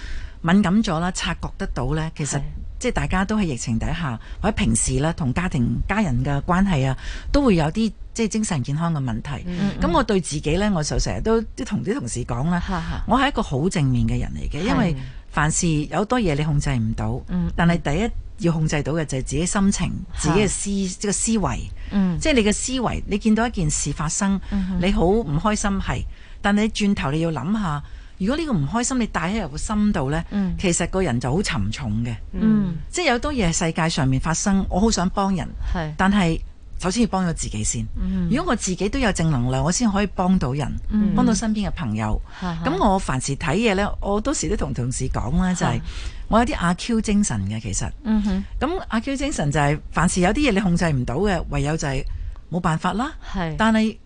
敏感咗啦，察覺得到呢。其實的即係大家都喺疫情底下，或者平時啦，同家庭家人嘅關係啊，都會有啲即係精神健康嘅問題。咁、嗯嗯、我對自己呢，我就成日都都同啲同事講啦。哈哈，我係一個好正面嘅人嚟嘅，的因為凡事有好多嘢你控制唔到，嗯、但係第一要控制到嘅就係自己心情、嗯、自己嘅思即係的個思維。嗯、即係你嘅思維，你見到一件事發生，嗯嗯，你好唔開心係，但你轉頭你要諗下。如果呢個唔開心，你帶喺入個心度呢，嗯、其實個人就好沉重嘅，嗯、即係有多嘢係世界上面發生，我好想幫人，是但係首先要幫咗自己先。嗯、如果我自己都有正能量，我先可以幫到人，嗯、幫到身邊嘅朋友。咁是我凡事睇嘢呢，我多時都同同事講啦，就係、是、我有啲阿 Q 精神嘅，其實，咁是阿 Q 精神就係凡事有啲嘢你控制唔到嘅，唯有就係冇辦法啦。是但係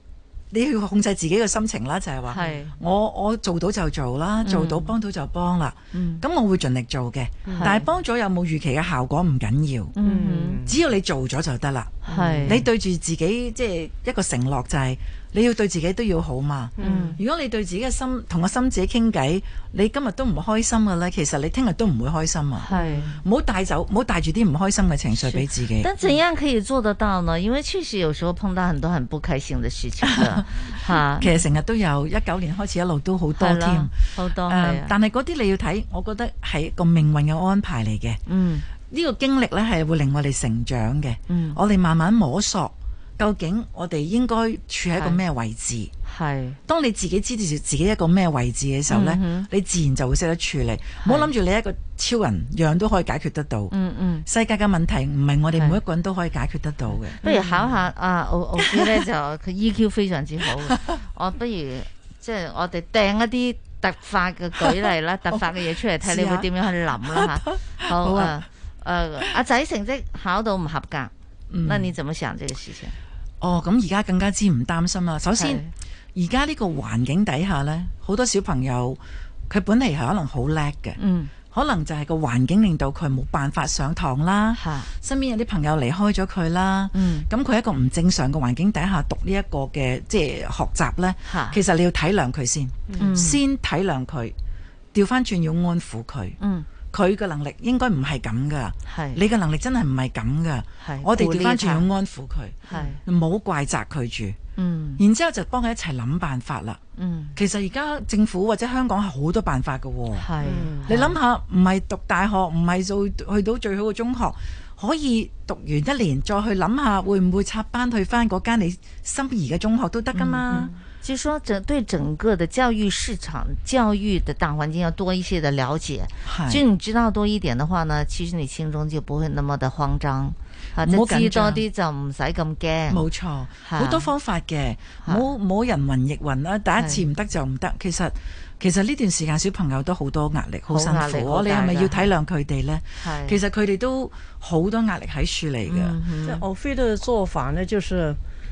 你要控制自己嘅心情啦，就係、係、話，係我我做到就做啦，做到、嗯、幫到就幫啦。咁、嗯、我會盡力做嘅，係但係幫咗有冇預期嘅效果唔緊要，嗯、只要你做咗就得啦。嗯、你對住自己即係、就係、一個承諾就係、係。你要對自己都要好嘛？嗯、如果你對自己嘅心同個心自己傾偈，你今日都唔開心嘅咧，其實你聽日都唔會開心啊！係唔好帶走，唔好帶住啲唔開心嘅情緒俾自己。但係點樣可以做得到呢？因為確實有時候碰到很多很不開心嘅事情嘅、 啊、其實成日都有一九年開始一路都好多添，好多、呃係啊、但係嗰啲你要睇，我覺得係個命運嘅安排嚟嘅。嗯，呢個經歷咧係會令我哋成長嘅。嗯、我哋慢慢摸索。究竟我哋應該處喺一個咩位置？係，當你自己知道自己一個咩位置嘅時候呢，你自然就會識得處理。唔好諗住你一個超人，樣樣都可以解決得到。嗯嗯，世界嘅問題唔係我哋每一個人都可以解決得到嘅。不如考下阿奧奧呢，就佢 EQ 非常之好。我不如即係我哋掟一啲突發嘅舉例啦，突發嘅嘢出嚟睇，你會點樣去諗啦？嚇，好啊，阿仔成績考到唔合格。嗯、那你怎麼想這個事情？哦，咁而家更加之唔擔心啦。首先，而家是呢個環境底下咧，好多小朋友佢本嚟係可能好叻嘅，嗯，可能就係個環境令到佢冇辦法上堂啦，哈身邊有啲朋友離開咗佢啦，嗯，咁佢一個唔正常嘅環境底下讀這、就是、呢一個嘅即係學習咧，哈其實你要體諒佢先，嗯、先體諒佢，調翻轉要安撫佢，嗯。佢嘅能力應該唔係咁噶，是你嘅能力真係唔係咁噶。是我哋調翻轉要安撫佢，唔好是是怪責佢住。嗯、然之後就幫佢一齊諗辦法啦。嗯、其實而家政府或者香港係好多辦法噶、哦。是你諗下，唔係是讀大學，唔係做去到最好嘅中學，可以讀完一年，再去諗下會唔會插班去翻嗰間你心儀嘅中學都得噶嘛。嗯嗯就是說整對整個的教育市場、教育的大環境要多一些的了解。其實你知道多一點的話呢，其實你心中就不會那麼的慌張，或者、啊、知多啲就唔使咁驚。冇錯錯，好、啊、多方法嘅，冇冇、啊、人云亦云啦。第一次唔得就唔得、啊，其實其實呢段時間小朋友都好多壓力，好辛苦，你係咪要體諒佢哋咧？啊、其實佢哋都好多壓力喺樹嚟嘅。阿飛、嗯、哼的做法呢，就是。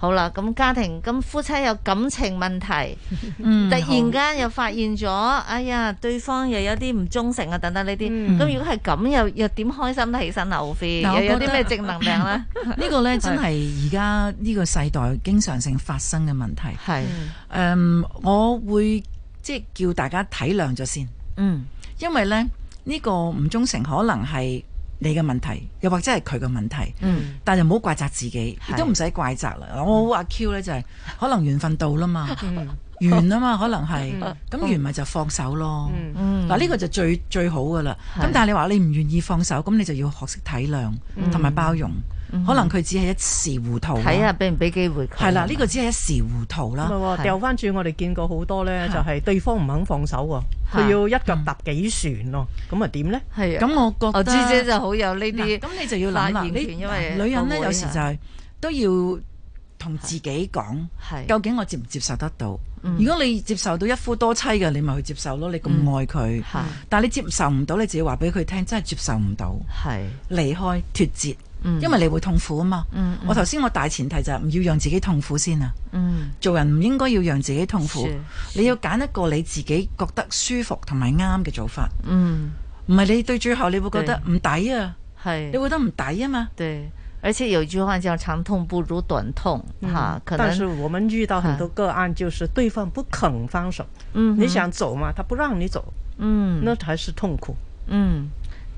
好啦，咁家庭咁夫妻有感情問題，嗯、突然間又發現咗，好哎呀，對方又有啲唔忠誠啊，等等呢啲。咁、嗯、如果係咁，又又點開心得起身啊？牛飛，有啲咩正能量咧？ 個呢個咧真係而家呢個世代經常性發生嘅問題。係是，誒、呃，我會即係、就是、叫大家體諒咗先。嗯，因為咧呢、這個唔忠誠可能係。你嘅問題，又或者係佢嘅問題，嗯、但係唔好怪責自己，都唔使怪責啦。我阿 Q 咧就係可能緣分到啦嘛，完啦嘛，可能係，咁、嗯、完咪就放手咯。嗱呢、嗯、個就最最好噶啦。咁是但係你話你唔願意放手，咁你就要學識體諒同埋包容。嗯可能佢只係一時糊塗，睇啊，俾唔俾機會佢係啦。呢個只係一時糊塗啦。掉翻轉，我哋見過好多咧，就係對方唔肯放手喎，佢要一腳踏幾船咯。咁啊點咧？咁我覺得姐姐就好有呢啲咁，你就要諗下，因為女人咧，有時就係都要同自己講，究竟我接唔接受得到？如果你接受到一夫多妻嘅，你咪去接受咯。你咁愛佢，但係你接受唔到，你自己話俾佢聽，真係接受唔到，係離開脫節。因為你會痛苦啊嘛，我頭先我大前提就係唔要讓自己痛苦先啊，做人唔應該要讓自己痛苦，你要揀一個你自己覺得舒服同埋啱嘅做法，唔係你對最後你會覺得唔抵啊，你會覺得唔抵啊嘛，而且有一句話叫長痛不如短痛，哈，可能。但是我們遇到很多個案，就是對方不肯放手，你想走嘛，他不讓你走，那才是痛苦。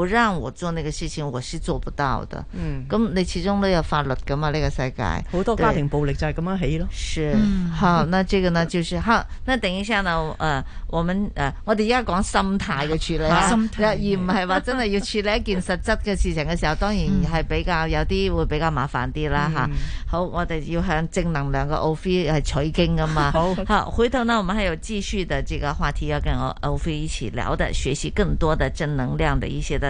不讓我做那個事情，我是做不到的。嗯，咁你始終都有法律噶嘛？呢、這個世界好多家庭暴力就係咁樣起咯。是，嗯、好，那這個呢，就是好那等一下呢，誒、呃，我們誒、呃，我哋而家講心態嘅處理，啊、而唔係話真係要處理一件實質嘅事情嘅時候，當然係比較有啲會比較麻煩啲啦。吓、啊，好，我哋要向正能量嘅 Ophie 係取經噶嘛？好，吓，回頭呢，我們還有繼續的這個話題要跟我 Ophie 一起聊的，學習更多的正能量的一些的。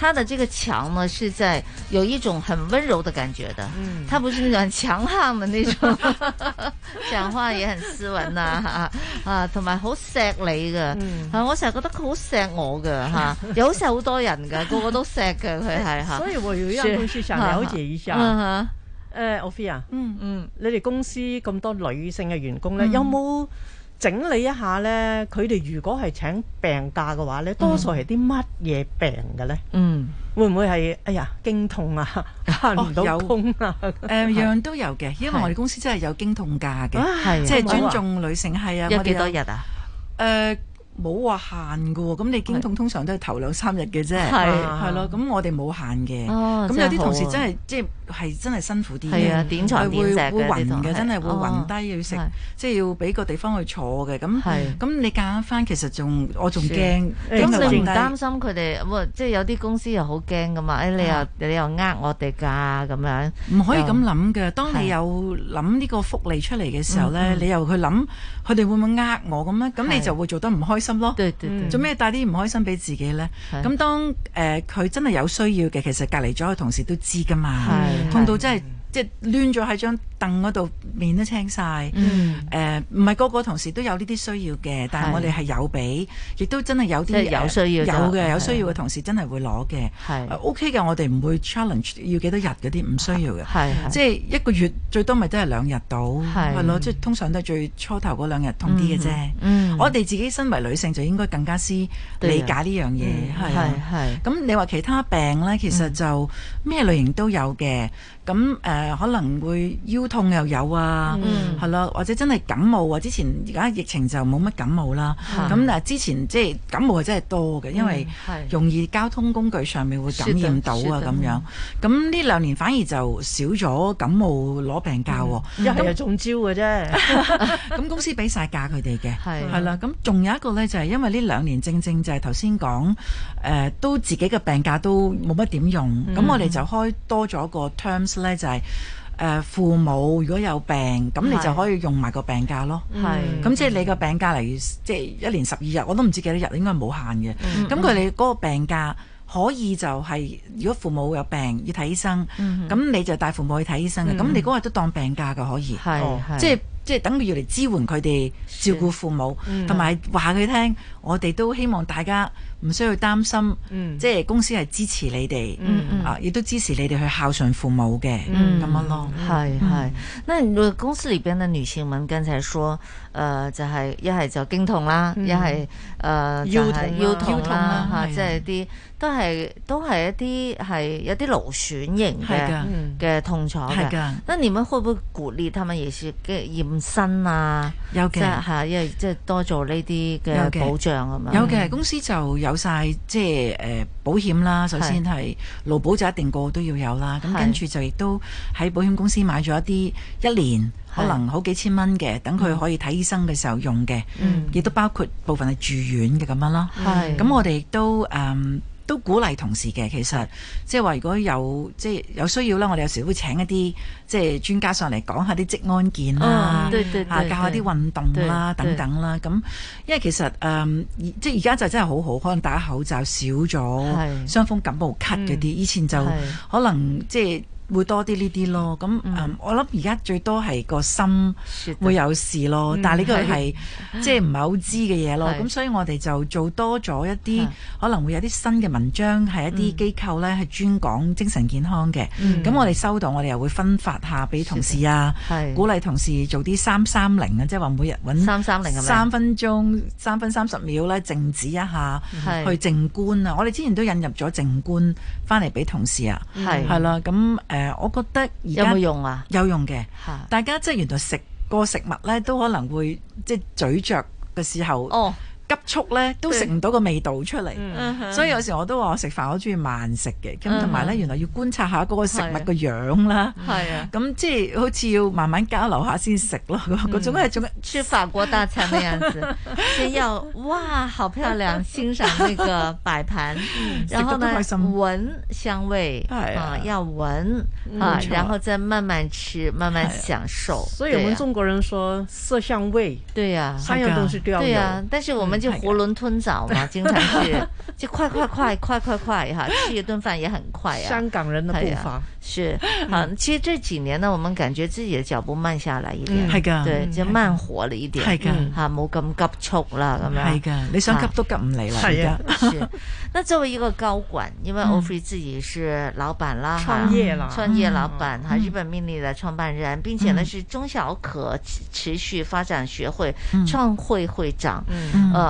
他的這個強呢，是在有一種很溫柔的感覺的，嗯、他不是那種強悍的那種，講 話也很斯文啊，啊，同埋好錫你噶、嗯啊，我成日覺得佢好錫我噶，吓、啊，有好錫好多人噶，個個都錫噶，佢係吓，所以我呢間公司想了解一下。啊，誒，歐啊，嗯哈、呃、Ophelia, 嗯，嗯你哋公司咁多女性嘅員工咧，嗯、有冇？整理一下呢，佢哋如果係請病假嘅話呢，多數係啲乜嘢病嘅呢？嗯，會唔會係哎呀經痛啊？唔到 工啊？誒、 呃、樣樣都有嘅，因為我哋公司真係有經痛假嘅，即係的尊重女性係啊。我有幾多日啊？呃冇話限㗎喎，咁你經痛通常都係頭兩三日嘅啫，係係咯。咁我哋冇限嘅，咁有啲同事真係即係真係辛苦啲嘅，係會會暈嘅，真係會暈低要食，即係要俾個地方去坐嘅。咁咁你夾翻，其實仲我仲驚。咁你唔擔心佢哋？即係有啲公司又好驚㗎嘛？誒，你又你又呃我哋㗎咁樣？唔可以咁諗嘅。當你有諗呢個福利出嚟嘅時候咧，你又去諗佢哋會唔會呃我咁咧？咁你就會做得唔開心。咯，做咩帶啲唔開心俾自己呢？咁的當誒佢、呃、真係有需要嘅，其實隔離咗嘅同事都知㗎嘛，的痛到真係。即係攣咗喺張凳嗰度，面都青晒。誒，唔係個個同事都有呢啲需要嘅，但係我哋係有俾，亦都真係有啲有需要。有嘅有需要嘅同事真係會攞嘅。OK 嘅，我哋唔會 challenge 要幾多日嗰啲唔需要嘅。即係一個月最多咪都係兩日到係咯。即係通常都係最初頭嗰兩日痛啲嘅啫。嗯，我哋自己身為女性就應該更加先理解呢樣嘢。係係。咁你話其他病呢，其實就咩類型都有嘅。咁誒、呃、可能會腰痛又有啊，係咯、嗯，或者真係感冒啊。之前而家疫情就冇乜感冒啦。咁但係之前即係感冒啊，真係多嘅，因為容易交通工具上面會感染到啊，咁、嗯、樣。咁呢兩年反而就少咗感冒攞病假喎、喔嗯，又係又中招嘅啫。咁 公司俾晒假佢哋嘅，係啦的。咁仲有一個咧，就係、是、因為呢兩年正正就係頭先講誒都自己嘅病假都冇乜點用。咁、嗯、我哋就開多咗個 terms。咧就係誒父母如果有病，咁你就可以用埋個病假咯。係，咁即係你個病假嚟，即係一年十二日，我都唔知幾多日，應該冇限嘅。咁佢哋嗰個病假可以就係，如果父母有病要睇醫生，咁你就帶父母去睇醫生嘅。咁你嗰日都當病假嘅可以，即係即係等佢要嚟支援佢哋照顧父母，同埋話佢聽，我哋都希望大家，唔需要擔心，即係公司係支持你哋，啊，亦都支持你哋去孝順父母嘅咁樣咯。係係，那公司裏邊嘅女性們，剛才説，誒就係一係就經痛啦，一係誒腰痛腰痛啦嚇，即係啲都係都係一啲係有啲勞損型嘅嘅痛楚嘅。那你們會唔會鼓勵他哋啊，也係嘅驗身啊？有嘅嚇，因為即係多做呢啲嘅保障咁樣。有嘅公司就有。有晒即係誒、呃、保險啦，首先係勞保就一定個個都要有啦。咁是跟住就亦都喺保險公司買咗一啲一年可能好幾千蚊嘅，是等佢可以睇醫生嘅時候用嘅。嗯、亦都包括部分係住院嘅咁樣咯。咁是我哋亦都誒。嗯都鼓勵同事嘅，其實即係話如果有即係有需要啦，我哋有時會請一啲即係專家上嚟講、啊哦、下啲職安健啦，啊教下啲運動啦等等啦、啊。咁因為其實誒、呃、即係而家就真係好好，可能戴口罩少咗，傷的風感冒咳嗰啲，的以前就可能的即係。會多啲呢啲咯，咁我諗而家最多係個心會有事咯，但係呢個係即係唔係好知嘅嘢咯，咁所以我哋就做多咗一啲可能會有啲新嘅文章，係一啲機構呢係專講精神健康嘅，咁我哋收到我哋又會分發下俾同事啊，鼓勵同事做啲三三零啊，即係話每日揾三三零啊，三分鐘三分三十秒呢，靜止一下，去靜觀啊，我哋之前都引入咗靜觀翻嚟俾同事啊，係啦，咁誒，我覺得而家有用啊，有用嘅，大家即係原來食個食物咧，都可能會即係咀嚼嘅時候，急速咧都食唔到個味道出嚟，所以有時我都話我食飯好中意慢食嘅，咁同埋咧原來要觀察下嗰個食物個樣啦，咁即係好似要慢慢交流下先食咯，嗰種係一種食法國大餐嘅樣子，先要哇好漂亮，欣賞呢個擺盤，然後呢聞香味啊要聞啊，然後再慢慢吃，慢慢享受。所以我們中國人說色香味，對呀，三樣東西都要有，但是我們。就囫圇吞棗嘛，經常是就快快快快快快哈，吃一頓飯也很快呀。香港人的步伐是啊，其實這幾年呢，我們感覺自己的腳步慢下來一點，嗯，對，就慢活了一點，哈，冇咁急促啦咁樣，你想急都急唔嚟啦。係啊，是。那作為一個高管，因為歐菲自己是老闆啦，創業啦，創業老闆哈，日本命力的創辦人，並且呢是中小企可持續發展學會創會會長，嗯嗯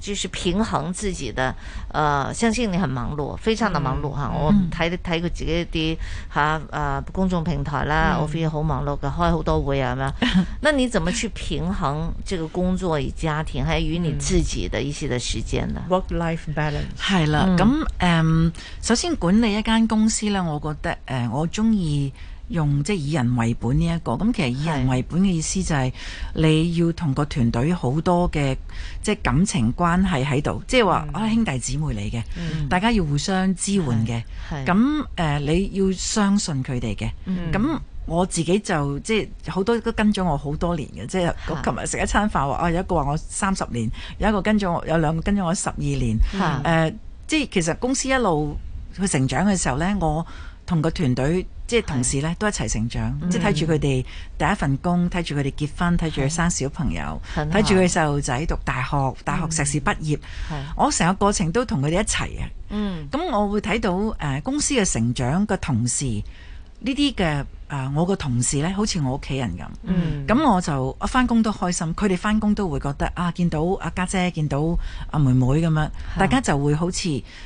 就是平衡自己的，誒、呃，相信你很忙碌，非常的忙碌哈。嗯、我睇睇過自己啲吓，誒、啊啊，公眾平台啦，嗯、我非常好忙碌嘅，開好多會啊咁樣， 那你怎麼去平衡這個工作與家庭，還與你自己的一些的時間呢、嗯、？Work-life balance 了。係啦、嗯，咁誒，um, 首先管理一間公司呢，我覺得誒、呃，我中意。用即係以人為本呢、這、一個咁，其實以人為本嘅意思就係、是、是你要同個團隊好多嘅即係感情關係喺度，嗯、即係話啊兄弟姊妹嚟嘅，嗯、大家要互相支援嘅。咁、呃、你要相信佢哋嘅。咁、嗯、我自己就即係好多都跟咗我好多年嘅，即係琴日食一餐飯話啊，有一個話我三十年，有一個跟咗我有兩個跟咗我十二年。是呃、即係其實公司一路去成長嘅時候呢，我同個團隊。即係同事咧，是都一齊成長。嗯、即係睇住佢哋第一份工，睇住佢哋結婚，睇住佢生小朋友，睇住佢細路仔讀大學，大學碩士畢業。是我成個過程都同佢哋一齊啊。咁、嗯、我會睇到、呃、公司嘅成長嘅同時。呢啲嘅誒，我個同事呢，好似我屋企人咁。咁、嗯、我就翻工都開心。佢哋翻工都會覺得啊，見到阿、啊、家姐，見到阿、啊、妹妹咁樣，是大家就會好似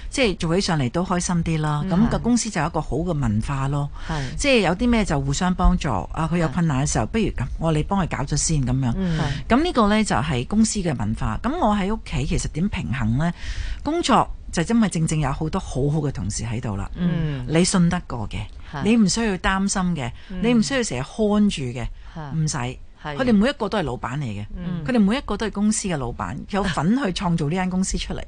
即係做起上嚟都開心啲啦。咁是個公司就有一個好嘅文化咯，是即係有啲咩就互相幫助。啊，佢有困難嘅時候，是不如咁我哋幫佢搞咗先咁樣。咁呢個呢，就係、是、公司嘅文化。咁我喺屋企其實點平衡呢？工作就真係正正有好多好好嘅同事喺度啦。嗯、你信得過嘅。你唔需要擔心嘅，你唔需要成日看住嘅，唔使。佢哋每一個都係老闆嚟嘅，佢哋、嗯、每一個都係公司嘅老闆，有份去創造呢間公司出嚟。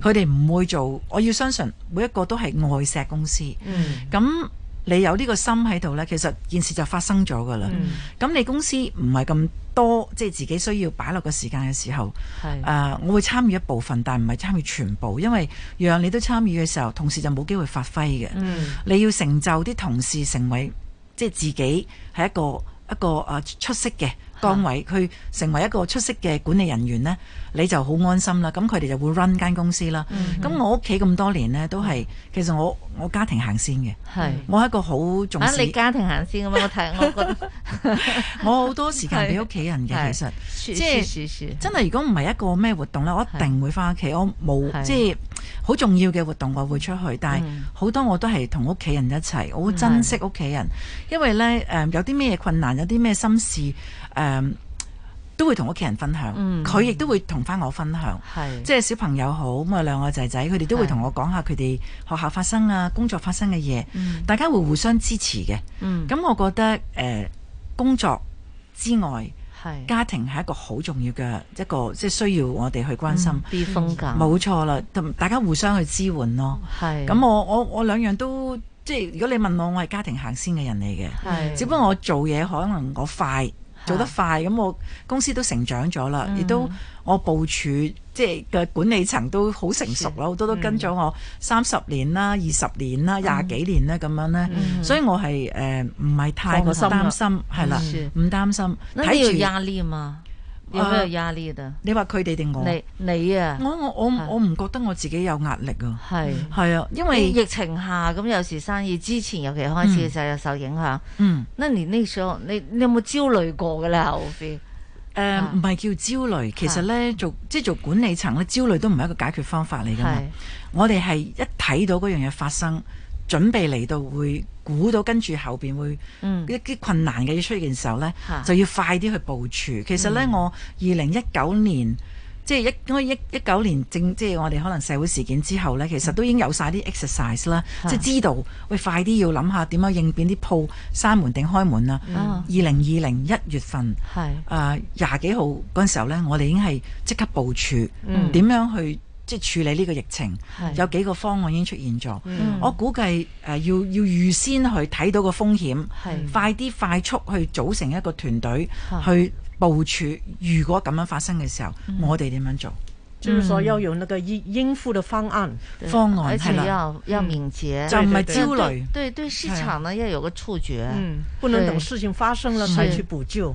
佢哋唔會做，我要相信每一個都係愛惜公司。咁、嗯。你有呢個心喺度呢，其實件事就發生咗噶啦。咁、嗯、你公司唔係咁多，即係自己需要擺落個時間嘅時候，是呃、我會參與一部分，但唔係參與全部，因為讓你都參與嘅時候，同事就冇機會發揮嘅。嗯、你要成就啲同事成為即係自己係一個一個出色嘅。崗位去成為一個出色嘅管理人員咧，你就好安心啦。咁佢哋就會 run 間公司啦。咁、嗯、哼我屋企咁多年咧，都係其實我我家庭行先嘅。係是，我係一個好重視。你家庭行先啊？我睇 我覺得 我好多時間俾屋企人嘅，是其實即係真係，如果唔係一個咩活動咧，我一定會翻屋企。是我冇是即係。好重要嘅活動我會出去，但係好多我都係同屋企人一齊，我好珍惜屋企人，的因為呢，誒、呃、有啲咩困難，有啲咩心事誒、呃、都會同屋企人分享，佢亦的都會同翻我分享，的即係小朋友好咁啊，兩個仔仔佢哋都會同我講下佢哋學校發生啊工作發生嘅嘢，的大家會互相支持嘅。咁、嗯、我覺得誒、呃、工作之外。是家庭係一個好重要嘅一個，即係需要我哋去關心。B、嗯、風格冇錯啦，同大家互相去支援咯。係咁是，我我我兩樣都，即係如果你問我，我係家庭行先嘅人嚟嘅。是只不過我做嘢可能我快。做得快咁，我公司都成長咗啦，亦都我部署，即係嘅管理層都好成熟啦，好是多都跟咗我三十年啦、二十是年啦、廿幾、嗯、年啦，咁、嗯、樣咧，所以我係誒唔係太過擔心，係啦，唔的擔心睇住壓力嘛。的著有咩壓力啊？你話佢哋定我？你你啊？我我我我唔覺得我自己有壓力啊！係係是啊，因為，因為疫情下咁，有時生意之前尤其開始嘅時候又受影響。嗯，嗯那你呢時你你，你，你有冇焦慮過嘅咧？O B，誒唔係叫焦慮，其實咧是做即係、就是、做管理層咧，焦慮都唔係一個解決方法嚟㗎嘛。是我哋係一睇到嗰樣嘢發生，準備嚟到會。估到跟住後面會一啲困難嘅嘢出現嘅時候呢，嗯、就要快啲去部署。其實呢，嗯、我二零、即係、一九年即係一一一九年正，即係我哋可能社會事件之後呢，其實都已經有晒啲 exercise 啦，嗯、即係知道、嗯、喂快啲要諗下點樣應變啲鋪閂門定開門啦。二零二零一月份，係啊廿幾號嗰陣時候呢，我哋已經係即刻部署點、嗯、樣去。即係處理呢個疫情，有幾個方案已經出現咗。我估計誒要要預先去睇到個風險，快啲快速去組成一個團隊去部署。如果咁樣發生嘅時候，我哋點樣做？就係所要用呢個應應付嘅方案方案係要要敏捷，就唔係焦慮。對對市場呢要有個觸覺，不能等事情發生咗先去補救。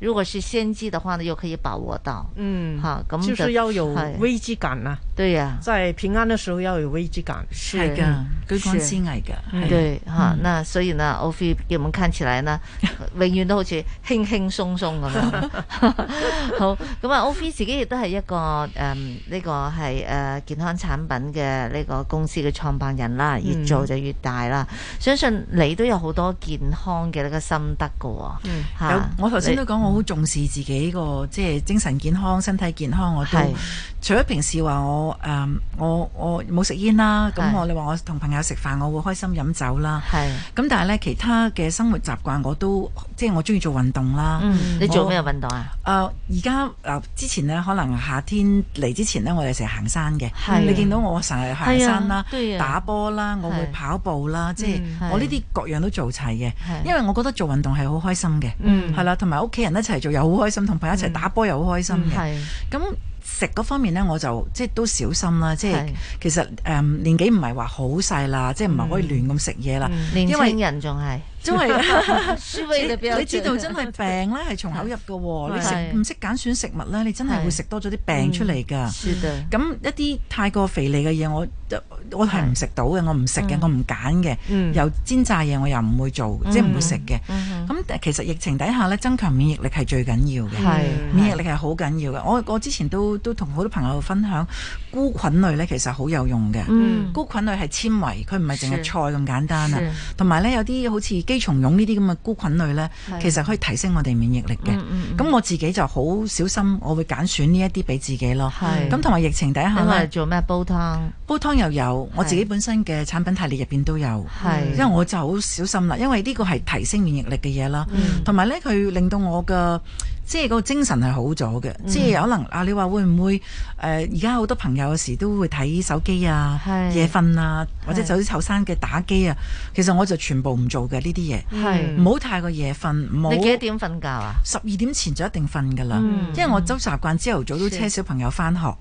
如果是先知的話呢，又可以把握到，嗯，好，咁就是要有危機感啦，對呀，在平安的時候要有危機感，係噶，居安思危噶，對，哈，那所以呢，O F 俾我們看起來呢，永遠都好似輕輕鬆鬆咁樣，好，咁啊，O F 自己亦都係一個誒呢個係誒健康產品嘅呢個公司嘅創辦人啦，越做就越大啦，相信你都有好多健康嘅呢個心得噶，嗯，吓，我頭先都講我。好重視自己個即係精神健康、身體健康。我都是除咗平時話我誒、呃、我我冇食煙啦，咁我是你話我同朋友食飯，我會開心飲酒啦。咁是但係咧，其他嘅生活習慣我都。即係我中意做運動啦，你做咩運動啊？誒，而家之前咧，可能夏天嚟之前咧，我哋成日行山嘅。你見到我成日行山啦，打波啦，我會跑步啦，即係我呢啲各樣都做齊嘅。因為我覺得做運動係好開心嘅。嗯，係啦，同埋屋企人一齊做又好開心，同朋友一齊打波又好開心嘅。咁食嗰方面咧，我就即係都小心啦。即係其實誒年紀唔係話好細啦，即係唔係可以亂咁食嘢啦。年輕人仲係。因為你你知道真係病咧係從口入噶，你食唔識揀選食物咧，你真係會食多咗啲病出嚟噶。咁一啲太過肥膩嘅嘢，我我係唔食到嘅，我唔食嘅，我唔揀嘅，又煎炸嘢我又唔會做，即係唔會食嘅。咁其實疫情底下咧，增強免疫力係最緊要嘅。免疫力係好緊要嘅。我我之前都都同好多朋友分享，菇菌類咧其實好有用嘅。菇菌類係纖維，佢唔係淨係菜咁簡單啊。同埋咧，有啲好似。姬松茸呢啲咁嘅菇菌類呢，其實可以提升我哋免疫力嘅。咁、嗯嗯嗯、我自己就好小心，我會揀選呢一啲俾自己咯。咁同埋疫情底下咧，做咩煲湯？煲湯又有，我自己本身嘅產品系列入邊都有。是嗯、因為我就好小心啦，因為呢個係提升免疫力嘅嘢啦。同埋、嗯、呢，佢令到我嘅。即係個精神係好咗嘅，即係可能啊，你話會唔會誒？而家好多朋友有時都會睇手機啊、夜瞓啊，或者走啲後生嘅打機啊。其實我就全部唔做嘅呢啲嘢，唔好太過夜瞓，唔好。你幾點瞓覺啊？十二點前就一定瞓㗎啦，因為我周習慣朝頭早都車小朋友翻學，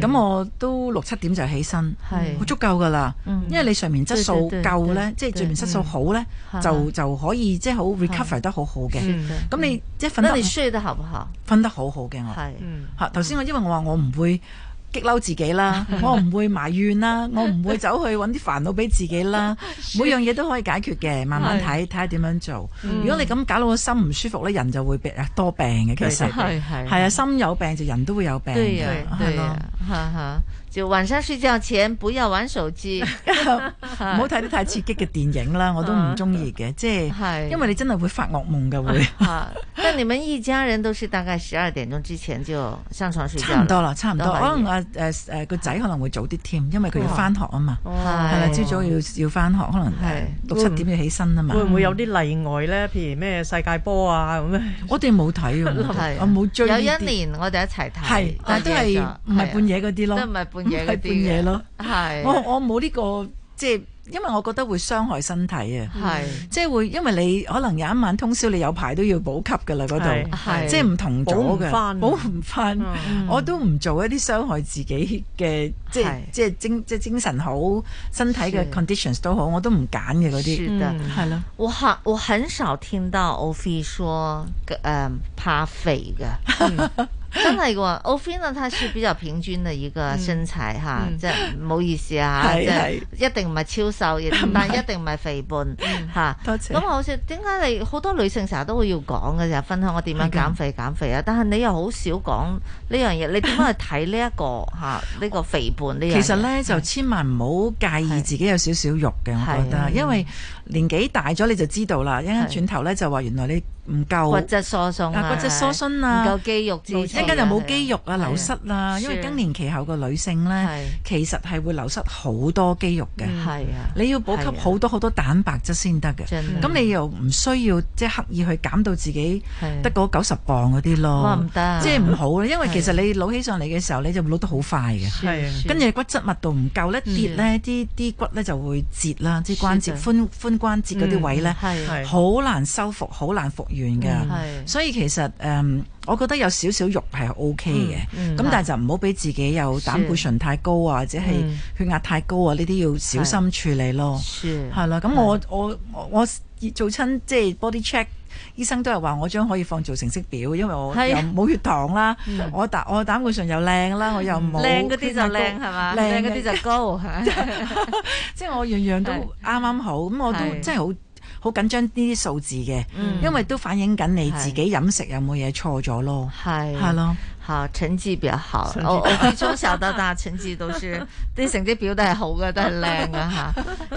咁我都六七點就起身，好足夠㗎啦。因為你睡眠質素夠呢，即係睡眠質素好呢，就就可以即係好 recover 得好好嘅。咁你即係瞓得。你分得好好嘅。我，吓頭先，我因為我話我唔會激嬲自己啦，嗯、我唔會埋怨啦， 我唔會走去揾啲煩惱俾自己啦， 雪每樣嘢都可以解決嘅，慢慢睇睇下點樣做。嗯、如果你咁搞到個心唔舒服咧，人就會多病嘅，其實係，係啊，心有病就人都會有病，係咯，吓吓。就晚上睡覺前不要玩手機，唔好睇啲太刺激嘅電影啦，我都唔中意嘅，即係，因為你真係會發噩夢嘅會。但你們一家人都是大概十二點鐘之前就上床睡覺。差唔多啦，差唔多。可能誒個仔可能會早啲添，因為佢要翻學啊嘛，係啦，朝早要要翻學，可能六七點要起身啊嘛。會唔會有啲例外咧？譬如咩世界波啊咁咧？我哋冇睇，我冇追。有一年我哋一齊睇，係，但係都係唔係半夜嗰啲咯。係半夜咯，我我冇呢個即係，因為我覺得會傷害身體啊，即係會因為你可能有一晚通宵，你有排都要補給㗎喇嗰度，即係唔同咗嘅補唔翻，補唔翻，我都唔做一啲傷害自己嘅，即係即係精即係精神好、身體嘅 conditions 都好，我都唔揀嘅嗰啲，係咯。我很我很少聽到歐菲說誒怕肥嘅。真係噶，我 feel 到她算比較偏專嘅依個身材吓，即係唔好意思啊，即係一定唔係超瘦嘅，但一定唔係肥胖吓。多謝。咁我好似點解你好多女性成日都會要講嘅就係分享我點樣減肥減肥啊，但係你又好少講呢樣嘢，你點樣去睇呢一個吓呢個肥胖呢樣？其實咧就千萬唔好介意自己有少少肉嘅，我覺得，因為。年紀大咗你就知道啦，一陣間轉頭咧就話原來你唔夠骨質疏鬆，骨質疏鬆啦，唔夠肌肉，一陣又冇肌肉啊，流失啦。因為更年期後個女性咧，其實係會流失好多肌肉嘅。係啊，你要補給好多好多蛋白質先得嘅。真咁你又唔需要即刻意去減到自己得個九十磅嗰啲咯。即係唔好啊，因為其實你老起上嚟嘅時候，你就老得好快嘅。係啊。跟住骨質密度唔夠咧，跌咧啲啲骨咧就會折啦，即係關節，寬關節嗰啲位呢，係好、嗯、難修復，好難復原噶係、嗯，所以其實誒、嗯，我覺得有少少肉係 OK 嘅。咁、嗯嗯、但係就唔好俾自己有膽固醇太高啊，是或者係血壓太高啊，呢啲、嗯、要小心處理咯。係啦，咁我是我我，我做親即係 body check。醫生都係話我將可以放做成績表，因為我又冇血糖啦，我膽我膽固醇又靚啦，我又冇靚嗰啲就靚係嘛？靚嗰啲就高，即係我樣樣都啱啱好，咁我都真係好好緊張呢啲數字嘅，因為都反映緊你自己飲食有冇嘢錯咗咯，係係咯。好成績比較好，我我從小到大 成績都是啲成績表都係好嘅，都係靚嘅哈，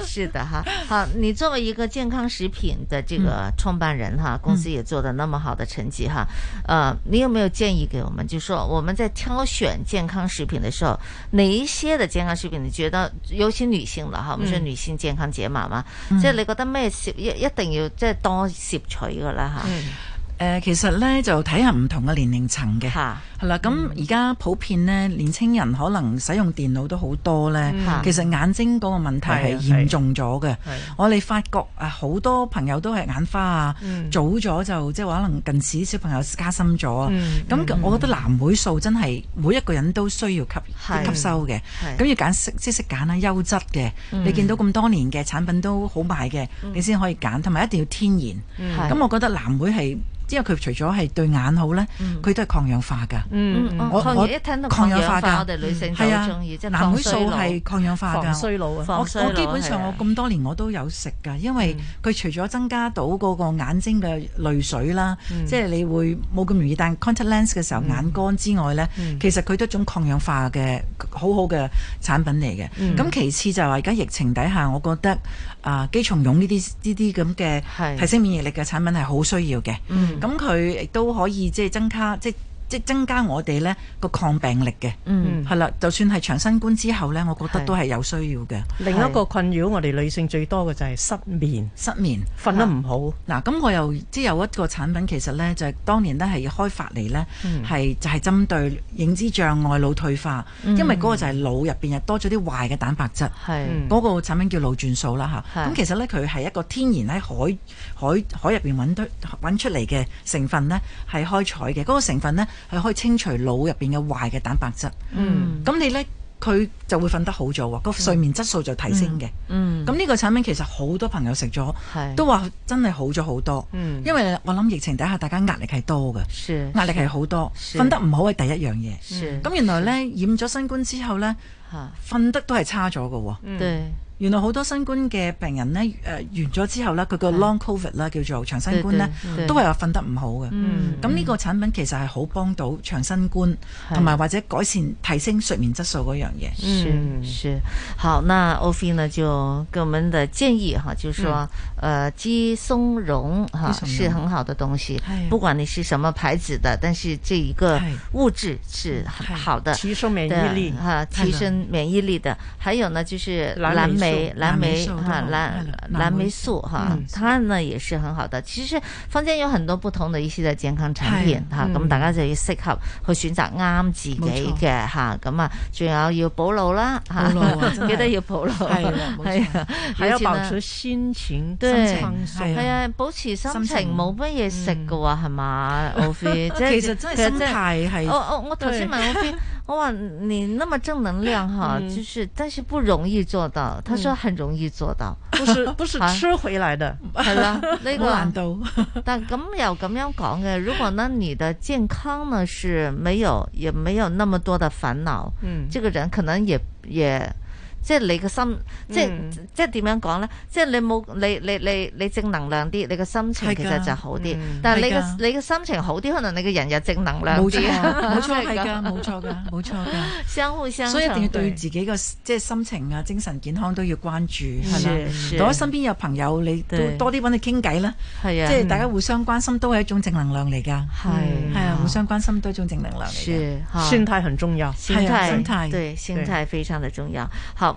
是的哈、啊，好，你作為一個健康食品的這個創辦人哈、嗯啊，公司也做得那麼好的成績哈，呃、嗯啊，你有沒有建議給我們？就是、說我們在挑選健康食品的時候，哪一些的健康食品你覺得，尤其女性了？哈、啊，嗯、我們說女性健康解碼嘛，即、嗯、你覺得咩攝一一定要即係多攝取嘅啦哈。啊嗯誒，其實咧就睇下唔同嘅年齡層嘅，係啦。咁而家普遍咧，年青人可能使用電腦都好多咧。其實眼睛嗰個問題係嚴重咗嘅。我哋發覺好多朋友都係眼花啊，早咗就即係可能近視小朋友加深咗。咁我覺得藍莓素真係每一個人都需要吸吸收嘅。咁要揀即識揀啦，優質嘅。你見到咁多年嘅產品都好賣嘅，你先可以揀，同埋一定要天然。咁我覺得藍莓係。因為佢除咗係對眼好咧，佢都係抗氧化噶。我我一聽到抗氧化，我哋女性就中意。即係藍莓素係抗氧化噶。抗衰老啊！我基本上我咁多年我都有食噶，因為佢除咗增加到嗰個眼睛嘅淚水啦，即係你會冇咁容易戴 contact lens 嘅時候眼乾之外咧，其實佢都係一種抗氧化嘅好好嘅產品嚟嘅。咁其次就係話而家疫情底下，我覺得。啊！姬松茸呢啲呢啲咁嘅提升免疫力嘅產品係好需要嘅，是嗯，咁佢亦都可以即係增加即。就是即增加我哋咧個抗病力嘅，係、嗯、啦，就算係長新冠之後咧，我覺得都係有需要嘅。是是另一個困擾我哋女性最多嘅就係失眠，失眠，瞓得唔好。嗱、啊，咁我又知有一個產品，其實咧就係、是、當年咧係開發嚟咧，係、嗯、就係、是、針對認知障礙、腦退化，嗯、因為嗰個就係腦入面又多咗啲壞嘅蛋白質。嗰是、嗯、個產品叫腦轉素啦吓，咁是其實咧佢係一個天然喺海海海入面搵出搵出嚟嘅成分咧，係開採嘅。嗰、那個成分咧。係可以清除腦入邊嘅壞嘅蛋白質，嗯，咁你呢，佢就會瞓得好咗，個睡眠質素就提升嘅，嗯，咁呢個產品其實好多朋友食咗，都話真係好咗好多，嗯，因為我諗疫情底下大家壓力係多嘅，壓力係好多，瞓得唔好係第一樣嘢，是咁原來呢，染咗新冠之後呢，瞓得都係差咗㗎，嗯，對。原來好多新冠嘅病人呢，誒完咗之後呢，佢個 long covid 啦，叫做長新冠呢，都係話瞓得唔好嘅。咁呢個產品其實係好幫到長新冠同埋或者改善提升睡眠質素嗰樣嘢。嗯，是好。那 Ovi，呢，就給我們的建議哈，就是說，誒，姬松茸哈，是很好的東西，不管你係什麼牌子的，但是這一個物質是好的，提升免疫力啊，提升免疫力的。還有呢，就是藍莓。藍莓哈，藍藍莓素哈，它呢也是很好的。其實坊間有很多不同的一系列健康產品哈，咁大家就要適合去選擇啱自己嘅哈。咁啊，仲有要補腦啦，記得要補腦。係冇錯。係啊，保持心情。係啊，保持心情冇乜嘢食嘅話係嘛，我 f 即係其實真係心態係。哦哦，我頭先問我。哇，你那麼正能量哈，嗯、就是，但是不容易做到。他說很容易做到，不是、嗯啊、不是吃回來的，很了、啊， 那個 難度。但咁又咁樣講嘅，如果呢你的健康呢是沒有，也沒有那麼多的煩惱，嗯，這個人可能也也。即係你個心，即係即係點樣講咧？即係你冇你你你你正能量啲，你個心情其實就好啲。但係你嘅你嘅心情好啲，可能你嘅人又正能量。冇錯，冇錯係㗎，冇錯㗎，冇錯㗎。相互相，所以一定要對自己個即係心情啊、精神健康都要關注係嘛？如果身邊有朋友，你多啲揾佢傾偈啦。係啊，即係大家互相關心都係一種正能量嚟㗎。係係啊，互相關心都係一種正能量嚟嘅。心態很重要，係啊，心態對心態非常的重要。好。